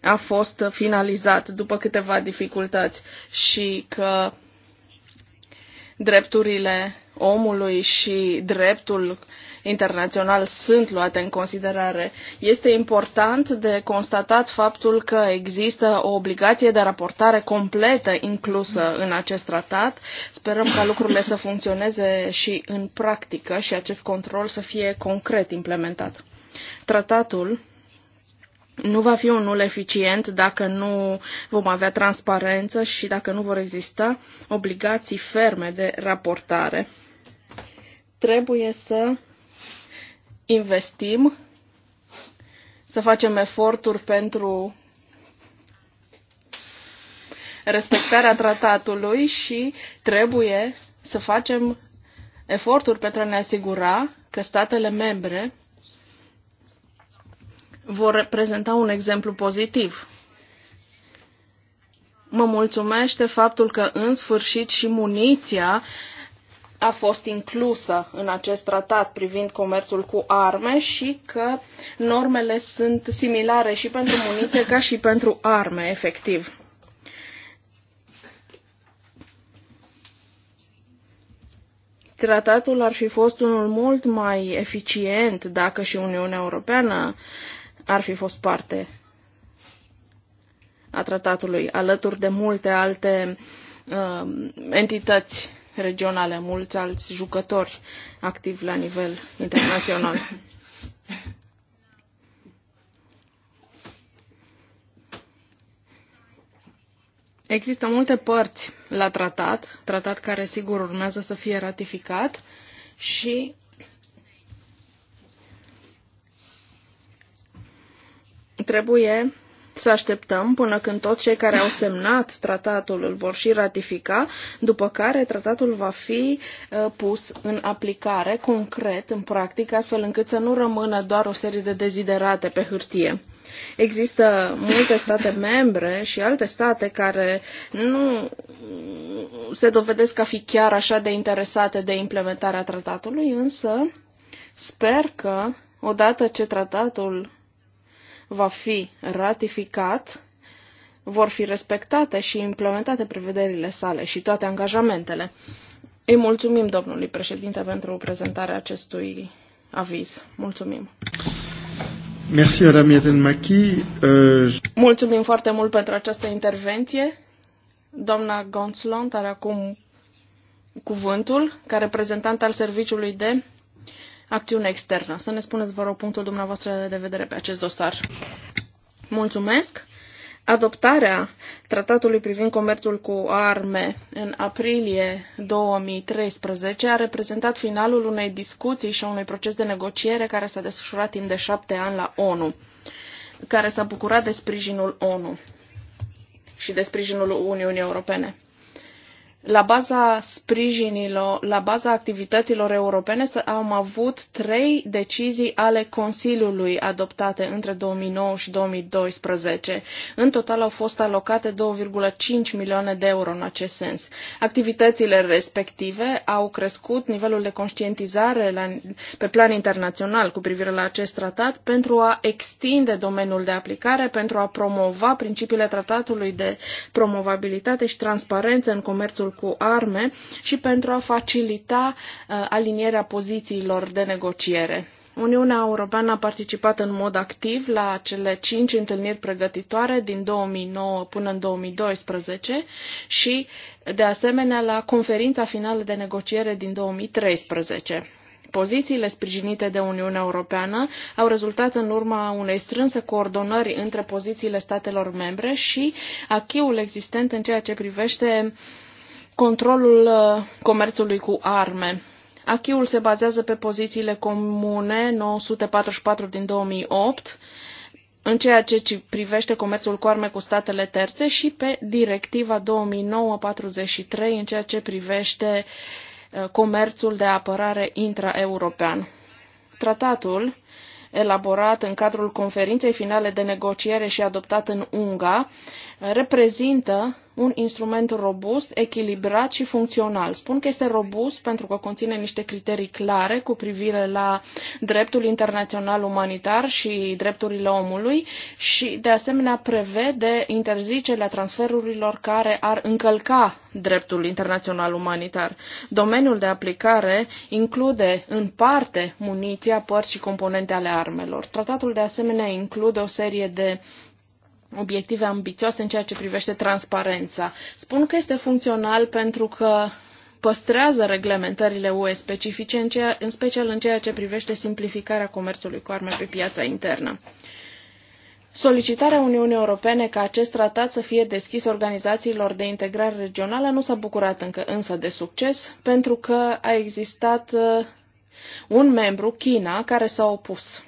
a fost finalizat după câteva dificultăți și că drepturile omului și dreptul internațional sunt luate în considerare. Este important de constatat faptul că există o obligație de raportare completă inclusă în acest tratat. Sperăm ca lucrurile să funcționeze și în practică și acest control să fie concret implementat. Tratatul nu va fi unul eficient dacă nu vom avea transparență și dacă nu vor exista obligații ferme de raportare. Trebuie să investim, să facem eforturi pentru respectarea tratatului și trebuie să facem eforturi pentru a ne asigura că statele membre vor reprezenta un exemplu pozitiv. Mă mulțumește faptul că în sfârșit și muniția a fost inclusă în acest tratat privind comerțul cu arme și că normele sunt similare și pentru muniție ca și pentru arme, efectiv. Tratatul ar fi fost unul mult mai eficient dacă și Uniunea Europeană ar fi fost parte a tratatului, alături de multe alte uh, entități regionale, mulți alți jucători activi la nivel internațional. Există multe părți la tratat, tratat care sigur urmează să fie ratificat și trebuie să așteptăm până când toți cei care au semnat tratatul îl vor și ratifica, după care tratatul va fi uh, pus în aplicare concret, în practică, astfel încât să nu rămână doar o serie de deziderate pe hârtie. Există multe state membre și alte state care nu se dovedesc a fi chiar așa de interesate de implementarea tratatului, însă sper că odată ce tratatul va fi ratificat, vor fi respectate și implementate prevederile sale și toate angajamentele. Îi mulțumim domnului președinte pentru prezentarea acestui aviz. Mulțumim. Merci, Madame euh, Mulțumim foarte mult pentru această intervenție. Doamna Gonslont are acum cuvântul ca reprezentant al Serviciului de acțiune externă. Să ne spuneți, vă rog, punctul dumneavoastră de vedere pe acest dosar. Mulțumesc! Adoptarea tratatului privind comerțul cu arme în aprilie 2013 a reprezentat finalul unei discuții și a unui proces de negociere care s-a desfășurat timp de șapte ani la ONU, care s-a bucurat de sprijinul ONU și de sprijinul Uniunii Europene la baza sprijinilor, la baza activităților europene, am avut trei decizii ale Consiliului adoptate între 2009 și 2012. În total au fost alocate 2,5 milioane de euro în acest sens. Activitățile respective au crescut nivelul de conștientizare la, pe plan internațional cu privire la acest tratat pentru a extinde domeniul de aplicare, pentru a promova principiile tratatului de promovabilitate și transparență în comerțul cu arme și pentru a facilita uh, alinierea pozițiilor de negociere. Uniunea Europeană a participat în mod activ la cele cinci întâlniri pregătitoare din 2009 până în 2012 și, de asemenea, la conferința finală de negociere din 2013. Pozițiile sprijinite de Uniunea Europeană au rezultat în urma unei strânse coordonări între pozițiile statelor membre și achiul existent în ceea ce privește uh, controlul uh, comerțului cu arme. Achiul se bazează pe pozițiile comune 944 din 2008 în ceea ce privește comerțul cu arme cu statele terțe și pe directiva 2009-43 în ceea ce privește uh, comerțul de apărare intraeuropean. Tratatul elaborat în cadrul conferinței finale de negociere și adoptat în Unga, reprezintă un instrument robust, echilibrat și funcțional. Spun că este robust pentru că conține niște criterii clare cu privire la dreptul internațional umanitar și drepturile omului și, de asemenea, prevede interzicerea transferurilor care ar încălca dreptul internațional umanitar. Domeniul de aplicare include, în parte, muniția, părți și componente ale armelor. Tratatul, de asemenea, include o serie de obiective ambițioase în ceea ce privește transparența. Spun că este funcțional pentru că păstrează reglementările UE specifice, în, ceea, în special în ceea ce privește simplificarea comerțului cu arme pe piața internă. Solicitarea Uniunii Europene ca acest tratat să fie deschis organizațiilor de integrare regională nu s-a bucurat încă însă de succes, pentru că a existat uh, un membru, China, care s-a opus.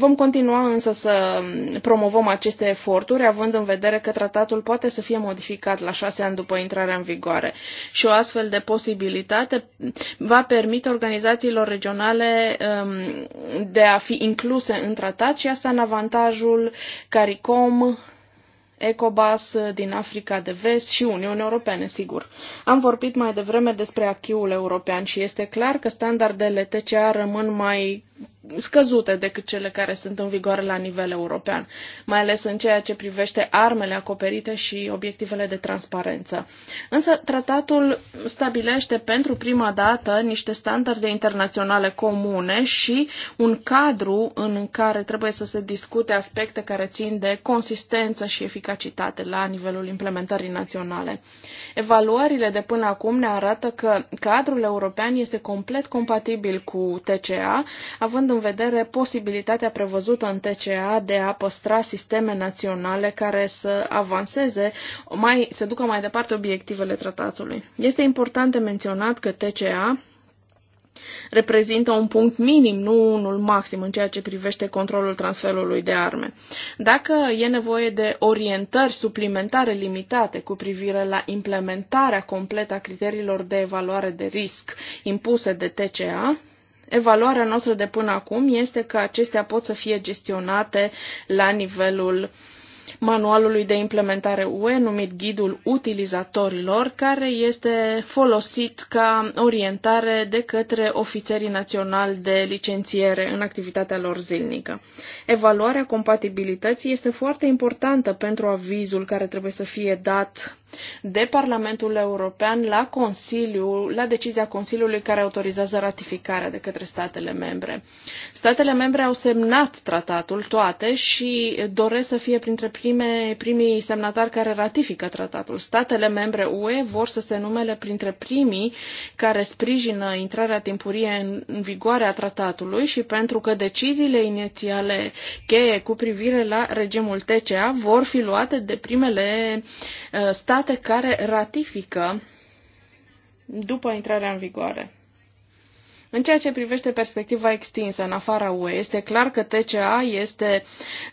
Vom continua însă să promovăm aceste eforturi, având în vedere că tratatul poate să fie modificat la șase ani după intrarea în vigoare și o astfel de posibilitate va permite organizațiilor regionale um, de a fi incluse în tratat și asta în avantajul CARICOM, ECOBAS din Africa de Vest și Uniunea Europeană, sigur. Am vorbit mai devreme despre acquis european și este clar că standardele TCA rămân mai scăzute decât cele care sunt în vigoare la nivel european, mai ales în ceea ce privește armele acoperite și obiectivele de transparență. Însă tratatul stabilește pentru prima dată niște standarde internaționale comune și un cadru în care trebuie să se discute aspecte care țin de consistență și eficacitate la nivelul implementării naționale. Evaluările de până acum ne arată că cadrul european este complet compatibil cu TCA, având în vedere posibilitatea prevăzută în TCA de a păstra sisteme naționale care să avanseze, mai, să ducă mai departe obiectivele tratatului. Este important de menționat că TCA reprezintă un punct minim, nu unul maxim în ceea ce privește controlul transferului de arme. Dacă e nevoie de orientări suplimentare limitate cu privire la implementarea completă a criteriilor de evaluare de risc impuse de TCA, Evaluarea noastră de până acum este că acestea pot să fie gestionate la nivelul manualului de implementare UE, numit Ghidul Utilizatorilor, care este folosit ca orientare de către ofițerii naționali de licențiere în activitatea lor zilnică. Evaluarea compatibilității este foarte importantă pentru avizul care trebuie să fie dat de Parlamentul European la Consiliu, la decizia Consiliului care autorizează ratificarea de către statele membre. Statele membre au semnat tratatul toate și doresc să fie printre prime, primii semnatari care ratifică tratatul. Statele membre UE vor să se numele printre primii care sprijină intrarea timpurie în vigoare a tratatului și pentru că deciziile inițiale cheie cu privire la regimul TCA vor fi luate de primele uh, state state care ratifică după intrarea în vigoare. În ceea ce privește perspectiva extinsă în afara UE, este clar că TCA este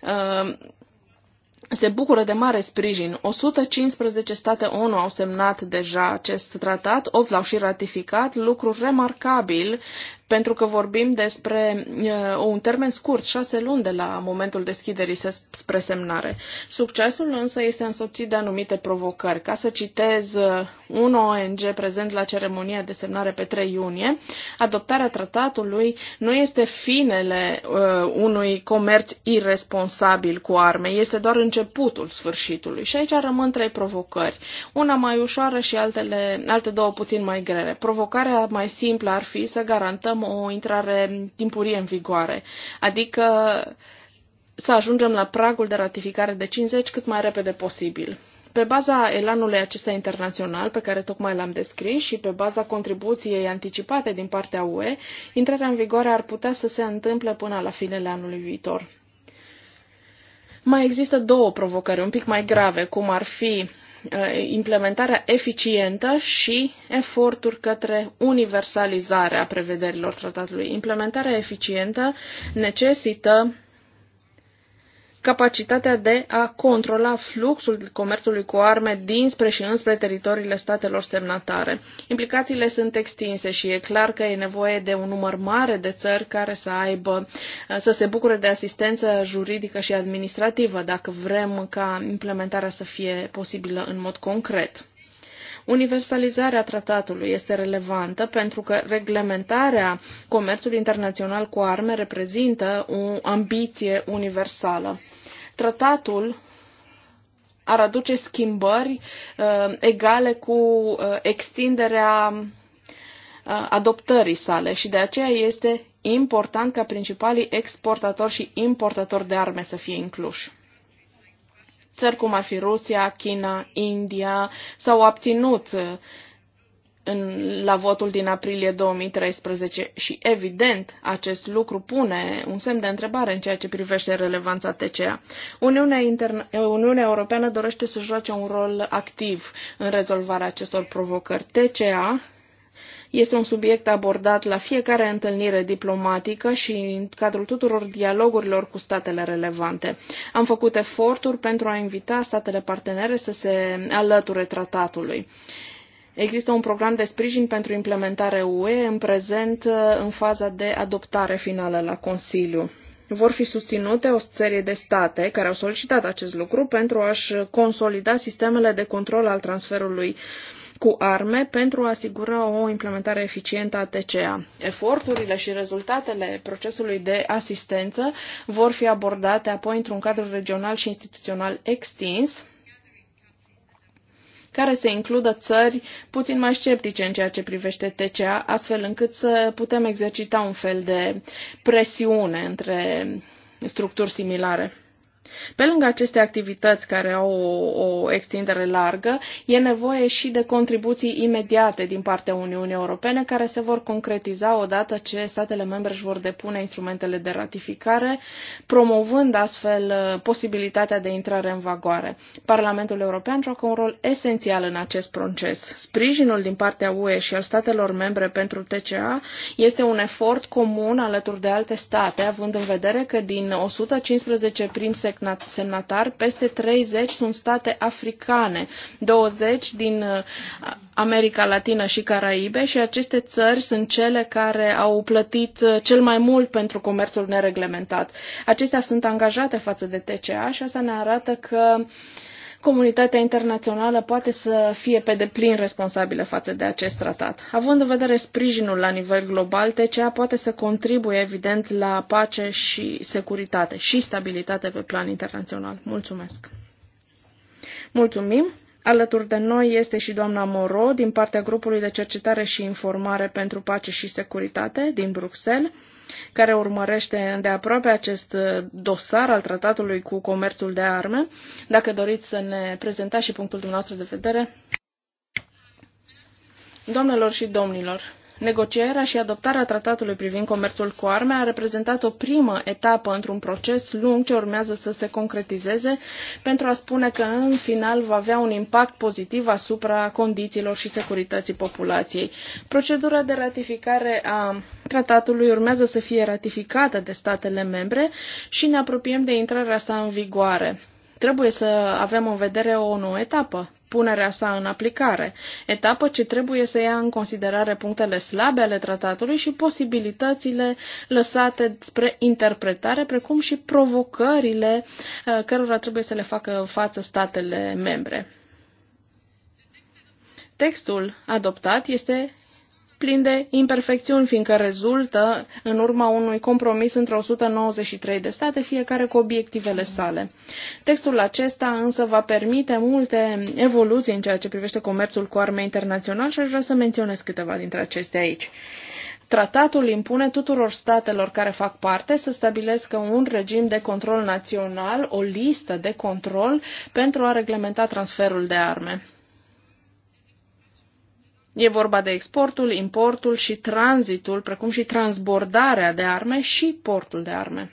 uh, se bucură de mare sprijin. 115 state ONU au semnat deja acest tratat, 8 l-au și ratificat, lucru remarcabil pentru că vorbim despre uh, un termen scurt, șase luni de la momentul deschiderii spre semnare. Succesul însă este însoțit de anumite provocări. Ca să citez uh, un ONG prezent la ceremonia de semnare pe 3 iunie, adoptarea tratatului nu este finele uh, unui comerț irresponsabil cu arme, este doar începutul sfârșitului. Și aici rămân trei provocări, una mai ușoară și altele, alte două puțin mai grele. Provocarea mai simplă ar fi să garantăm așteptăm o intrare timpurie în vigoare, adică să ajungem la pragul de ratificare de 50 cât mai repede posibil. Pe baza elanului acesta internațional pe care tocmai l-am descris și pe baza contribuției anticipate din partea UE, intrarea în vigoare ar putea să se întâmple până la finele anului viitor. Mai există două provocări un pic mai grave, cum ar fi Uh, implementarea eficientă și eforturi către universalizarea prevederilor tratatului. Implementarea eficientă necesită capacitatea de a controla fluxul comerțului cu arme dinspre și înspre teritoriile statelor semnatare. Implicațiile sunt extinse și e clar că e nevoie de un număr mare de țări care să aibă, să se bucure de asistență juridică și administrativă, dacă vrem ca implementarea să fie posibilă în mod concret. Universalizarea tratatului este relevantă pentru că reglementarea comerțului internațional cu arme reprezintă o ambiție universală. Tratatul ar aduce schimbări uh, egale cu uh, extinderea uh, adoptării sale și de aceea este important ca principalii exportatori și importatori de arme să fie incluși. Țări cum ar fi Rusia, China, India s-au abținut uh, în, la votul din aprilie 2013 și, evident, acest lucru pune un semn de întrebare în ceea ce privește relevanța TCA. Uniunea, Interna- Uniunea Europeană dorește să joace un rol activ în rezolvarea acestor provocări. TCA este un subiect abordat la fiecare întâlnire diplomatică și în cadrul tuturor dialogurilor cu statele relevante. Am făcut eforturi pentru a invita statele partenere să se alăture tratatului. Există un program de sprijin pentru implementare UE în prezent uh, în faza de adoptare finală la Consiliu. Vor fi susținute o serie de state care au solicitat acest lucru pentru a-și consolida sistemele de control al transferului cu arme pentru a asigura o implementare eficientă a TCA. Eforturile și rezultatele procesului de asistență vor fi abordate apoi într-un cadru regional și instituțional extins care să includă țări puțin mai sceptice în ceea ce privește TCA, astfel încât să putem exercita un fel de presiune între structuri similare. Pe lângă aceste activități care au o, o extindere largă, e nevoie și de contribuții imediate din partea Uniunii Europene, care se vor concretiza odată ce statele membre își vor depune instrumentele de ratificare, promovând astfel uh, posibilitatea de intrare în vagoare. Parlamentul European joacă un rol esențial în acest proces. Sprijinul din partea UE și al statelor membre pentru TCA este un efort comun alături de alte state, având în vedere că din 115 prim sector semnatar, peste 30 sunt state africane, 20 din uh, America Latină și Caraibe și aceste țări sunt cele care au plătit uh, cel mai mult pentru comerțul nereglementat. Acestea sunt angajate față de TCA și asta ne arată că uh, comunitatea internațională poate să fie pe deplin responsabilă față de acest tratat. Având în vedere sprijinul la nivel global, TCA poate să contribuie evident la pace și securitate și stabilitate pe plan internațional. Mulțumesc! Mulțumim! Alături de noi este și doamna Moro din partea grupului de cercetare și informare pentru pace și securitate din Bruxelles, care urmărește îndeaproape acest uh, dosar al tratatului cu comerțul de arme. Dacă doriți să ne prezentați și punctul dumneavoastră de vedere. Doamnelor și domnilor, Negocierea și adoptarea tratatului privind comerțul cu arme a reprezentat o primă etapă într-un proces lung ce urmează să se concretizeze pentru a spune că în final va avea un impact pozitiv asupra condițiilor și securității populației. Procedura de ratificare a tratatului urmează să fie ratificată de statele membre și ne apropiem de intrarea sa în vigoare. Trebuie să avem în vedere o nouă etapă punerea sa în aplicare, etapă ce trebuie să ia în considerare punctele slabe ale tratatului și posibilitățile lăsate spre interpretare, precum și provocările uh, cărora trebuie să le facă față statele membre. Textul adoptat este plin de imperfecțiuni, fiindcă rezultă în urma unui compromis între 193 de state, fiecare cu obiectivele sale. Textul acesta însă va permite multe evoluții în ceea ce privește comerțul cu arme internațional și aș vrea să menționez câteva dintre acestea aici. Tratatul impune tuturor statelor care fac parte să stabilească un regim de control național, o listă de control pentru a reglementa transferul de arme. E vorba de exportul, importul și tranzitul, precum și transbordarea de arme și portul de arme.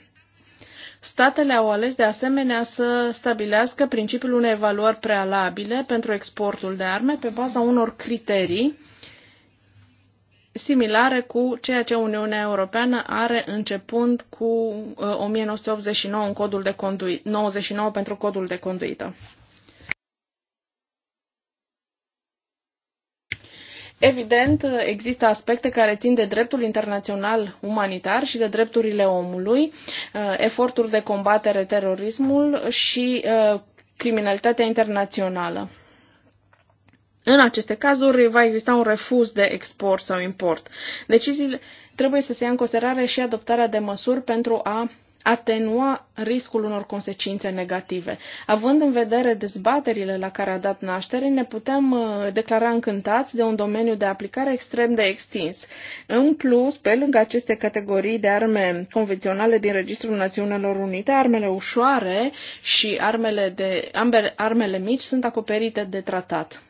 Statele au ales de asemenea să stabilească principiul unei evaluări prealabile pentru exportul de arme pe baza unor criterii similare cu ceea ce Uniunea Europeană are începând cu 1989 uh, în codul de conduit, 99 pentru codul de conduită. Evident, există aspecte care țin de dreptul internațional umanitar și de drepturile omului, uh, eforturi de combatere terorismul și uh, criminalitatea internațională. În aceste cazuri va exista un refuz de export sau import. Deciziile trebuie să se ia în considerare și adoptarea de măsuri pentru a atenua riscul unor consecințe negative. Având în vedere dezbaterile la care a dat naștere, ne putem uh, declara încântați de un domeniu de aplicare extrem de extins. În plus, pe lângă aceste categorii de arme convenționale din Registrul Națiunilor Unite, armele ușoare și armele, de, ambele, armele mici sunt acoperite de tratat.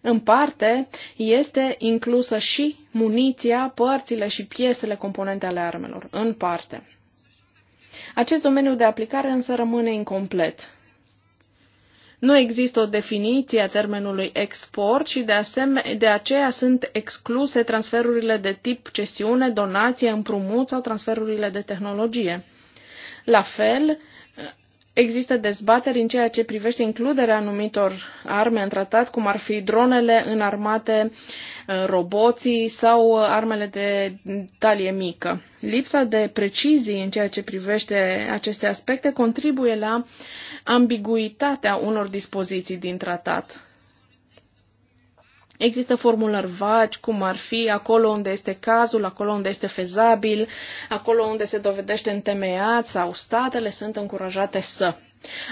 În parte, este inclusă și muniția, părțile și piesele componente ale armelor. În parte. Acest domeniu de aplicare însă rămâne incomplet. Nu există o definiție a termenului export și de, aseme- de aceea sunt excluse transferurile de tip cesiune, donație, împrumut sau transferurile de tehnologie. La fel, Există dezbateri în ceea ce privește includerea anumitor arme în tratat, cum ar fi dronele înarmate, uh, roboții sau uh, armele de talie mică. Lipsa de precizii în ceea ce privește aceste aspecte contribuie la ambiguitatea unor dispoziții din tratat. Există formulări vagi, cum ar fi acolo unde este cazul, acolo unde este fezabil, acolo unde se dovedește întemeiat sau statele sunt încurajate să.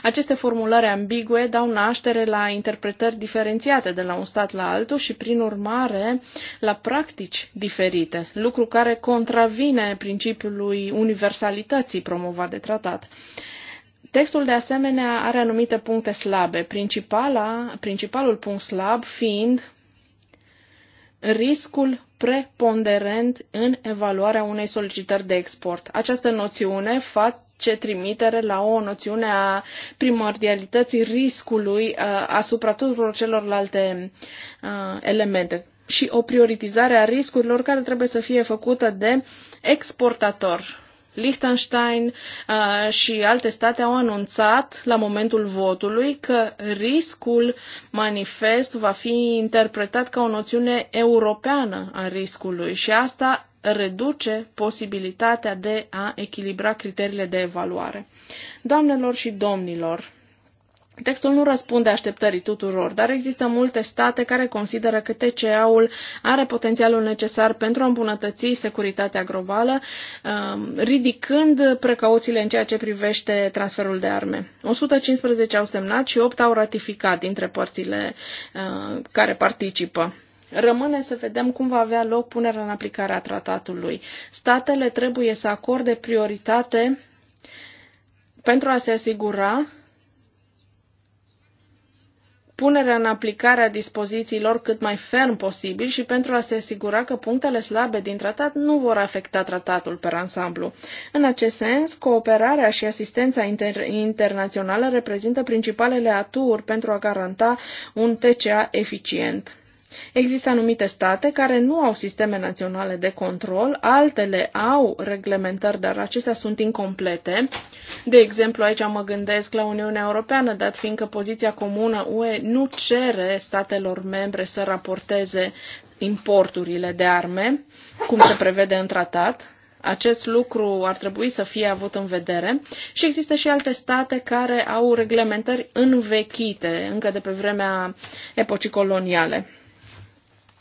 Aceste formulări ambigue dau naștere la interpretări diferențiate de la un stat la altul și, prin urmare, la practici diferite, lucru care contravine principiului universalității promovat de tratat. Textul, de asemenea, are anumite puncte slabe, principala, principalul punct slab fiind riscul preponderent în evaluarea unei solicitări de export. Această noțiune face trimitere la o noțiune a primordialității riscului uh, asupra tuturor celorlalte uh, elemente și o prioritizare a riscurilor care trebuie să fie făcută de exportator Liechtenstein uh, și alte state au anunțat la momentul votului că riscul manifest va fi interpretat ca o noțiune europeană a riscului și asta reduce posibilitatea de a echilibra criteriile de evaluare. Doamnelor și domnilor, Textul nu răspunde așteptării tuturor, dar există multe state care consideră că TCA-ul are potențialul necesar pentru a îmbunătăți securitatea globală, um, ridicând precauțiile în ceea ce privește transferul de arme. 115 au semnat și 8 au ratificat dintre părțile uh, care participă. Rămâne să vedem cum va avea loc punerea în aplicare a tratatului. Statele trebuie să acorde prioritate pentru a se asigura punerea în aplicare a dispozițiilor cât mai ferm posibil și pentru a se asigura că punctele slabe din tratat nu vor afecta tratatul pe ansamblu. În acest sens, cooperarea și asistența inter- internațională reprezintă principalele aturi pentru a garanta un TCA eficient. Există anumite state care nu au sisteme naționale de control, altele au reglementări, dar acestea sunt incomplete. De exemplu, aici mă gândesc la Uniunea Europeană, dat fiindcă poziția comună UE nu cere statelor membre să raporteze importurile de arme, cum se prevede în tratat, acest lucru ar trebui să fie avut în vedere și există și alte state care au reglementări învechite, încă de pe vremea epocii coloniale.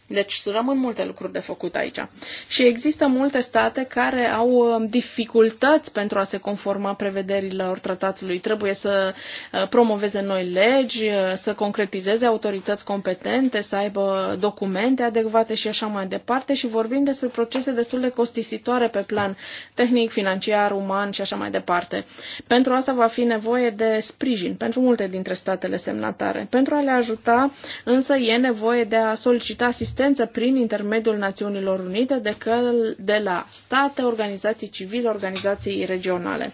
Deci rămân multe lucruri de făcut aici. Și există multe state care au um, dificultăți pentru a se conforma prevederilor tratatului. Trebuie să uh, promoveze noi legi, uh, să concretizeze autorități competente, să aibă documente adecvate și așa mai departe. Și vorbim despre procese destul de costisitoare pe plan tehnic, financiar, uman și așa mai departe. Pentru asta va fi nevoie de sprijin pentru multe dintre statele semnatare. Pentru a le ajuta, însă, e nevoie de a solicita sistemul asistență prin intermediul Națiunilor Unite de, că, de la state, organizații civile, organizații regionale.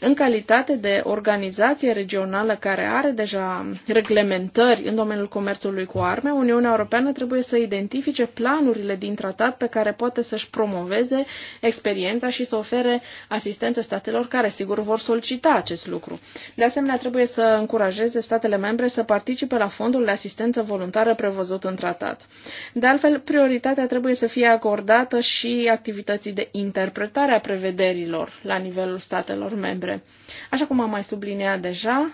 În calitate de organizație regională care are deja reglementări în domeniul comerțului cu arme, Uniunea Europeană trebuie să identifice planurile din tratat pe care poate să-și promoveze experiența și să ofere asistență statelor care, sigur, vor solicita acest lucru. De asemenea, trebuie să încurajeze statele membre să participe la fondul de asistență voluntară prevăzut în tratat. De de altfel, prioritatea trebuie să fie acordată și activității de interpretare a prevederilor la nivelul statelor membre. Așa cum am mai subliniat deja,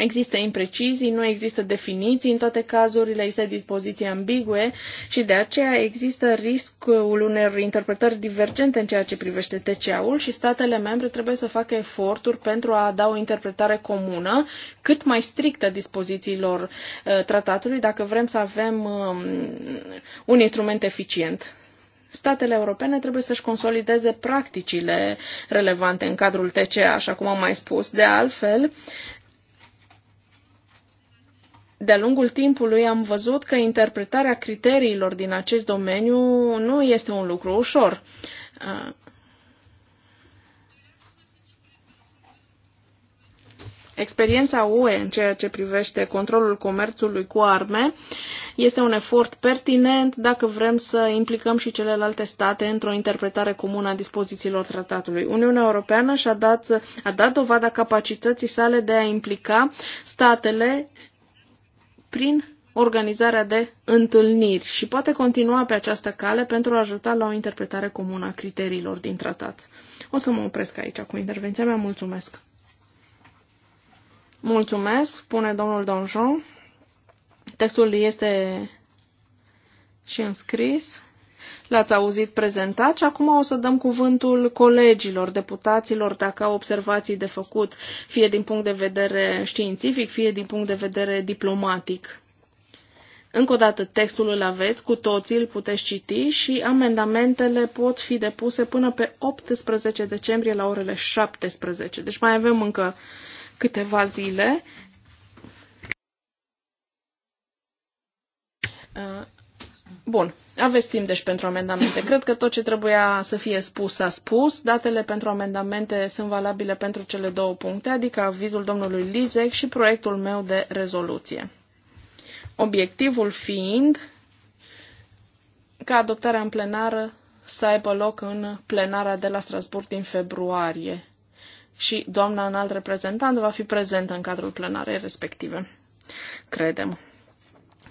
Există imprecizii, nu există definiții în toate cazurile, există dispoziții ambigue și de aceea există riscul unor interpretări divergente în ceea ce privește TCA-ul și statele membre trebuie să facă eforturi pentru a da o interpretare comună cât mai strictă dispozițiilor uh, tratatului dacă vrem să avem um, un instrument eficient statele europene trebuie să-și consolideze practicile relevante în cadrul TCA, așa cum am mai spus. De altfel, de-a lungul timpului am văzut că interpretarea criteriilor din acest domeniu nu este un lucru ușor. Uh, experiența UE în ceea ce privește controlul comerțului cu arme este un efort pertinent dacă vrem să implicăm și celelalte state într-o interpretare comună a dispozițiilor tratatului. Uniunea Europeană și-a dat, a dat dovada capacității sale de a implica statele prin organizarea de întâlniri și poate continua pe această cale pentru a ajuta la o interpretare comună a criteriilor din tratat. O să mă opresc aici cu intervenția mea. Mulțumesc! Mulțumesc, spune domnul Donjon. Textul este și înscris. L-ați auzit prezentat și acum o să dăm cuvântul colegilor, deputaților, dacă au observații de făcut, fie din punct de vedere științific, fie din punct de vedere diplomatic. Încă o dată, textul îl aveți, cu toții îl puteți citi și amendamentele pot fi depuse până pe 18 decembrie la orele 17. Deci mai avem încă câteva zile. Uh, bun. Aveți timp, deci, pentru amendamente. Cred că tot ce trebuia să fie spus s-a spus. Datele pentru amendamente sunt valabile pentru cele două puncte, adică avizul domnului Lizec și proiectul meu de rezoluție. Obiectivul fiind ca adoptarea în plenară să aibă loc în plenara de la Strasburg din februarie și doamna înalt reprezentant va fi prezentă în cadrul plenarei respective. Credem.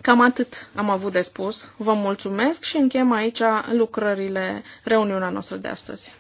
Cam atât am avut de spus. Vă mulțumesc și încheiem aici lucrările, reuniunea noastră de astăzi.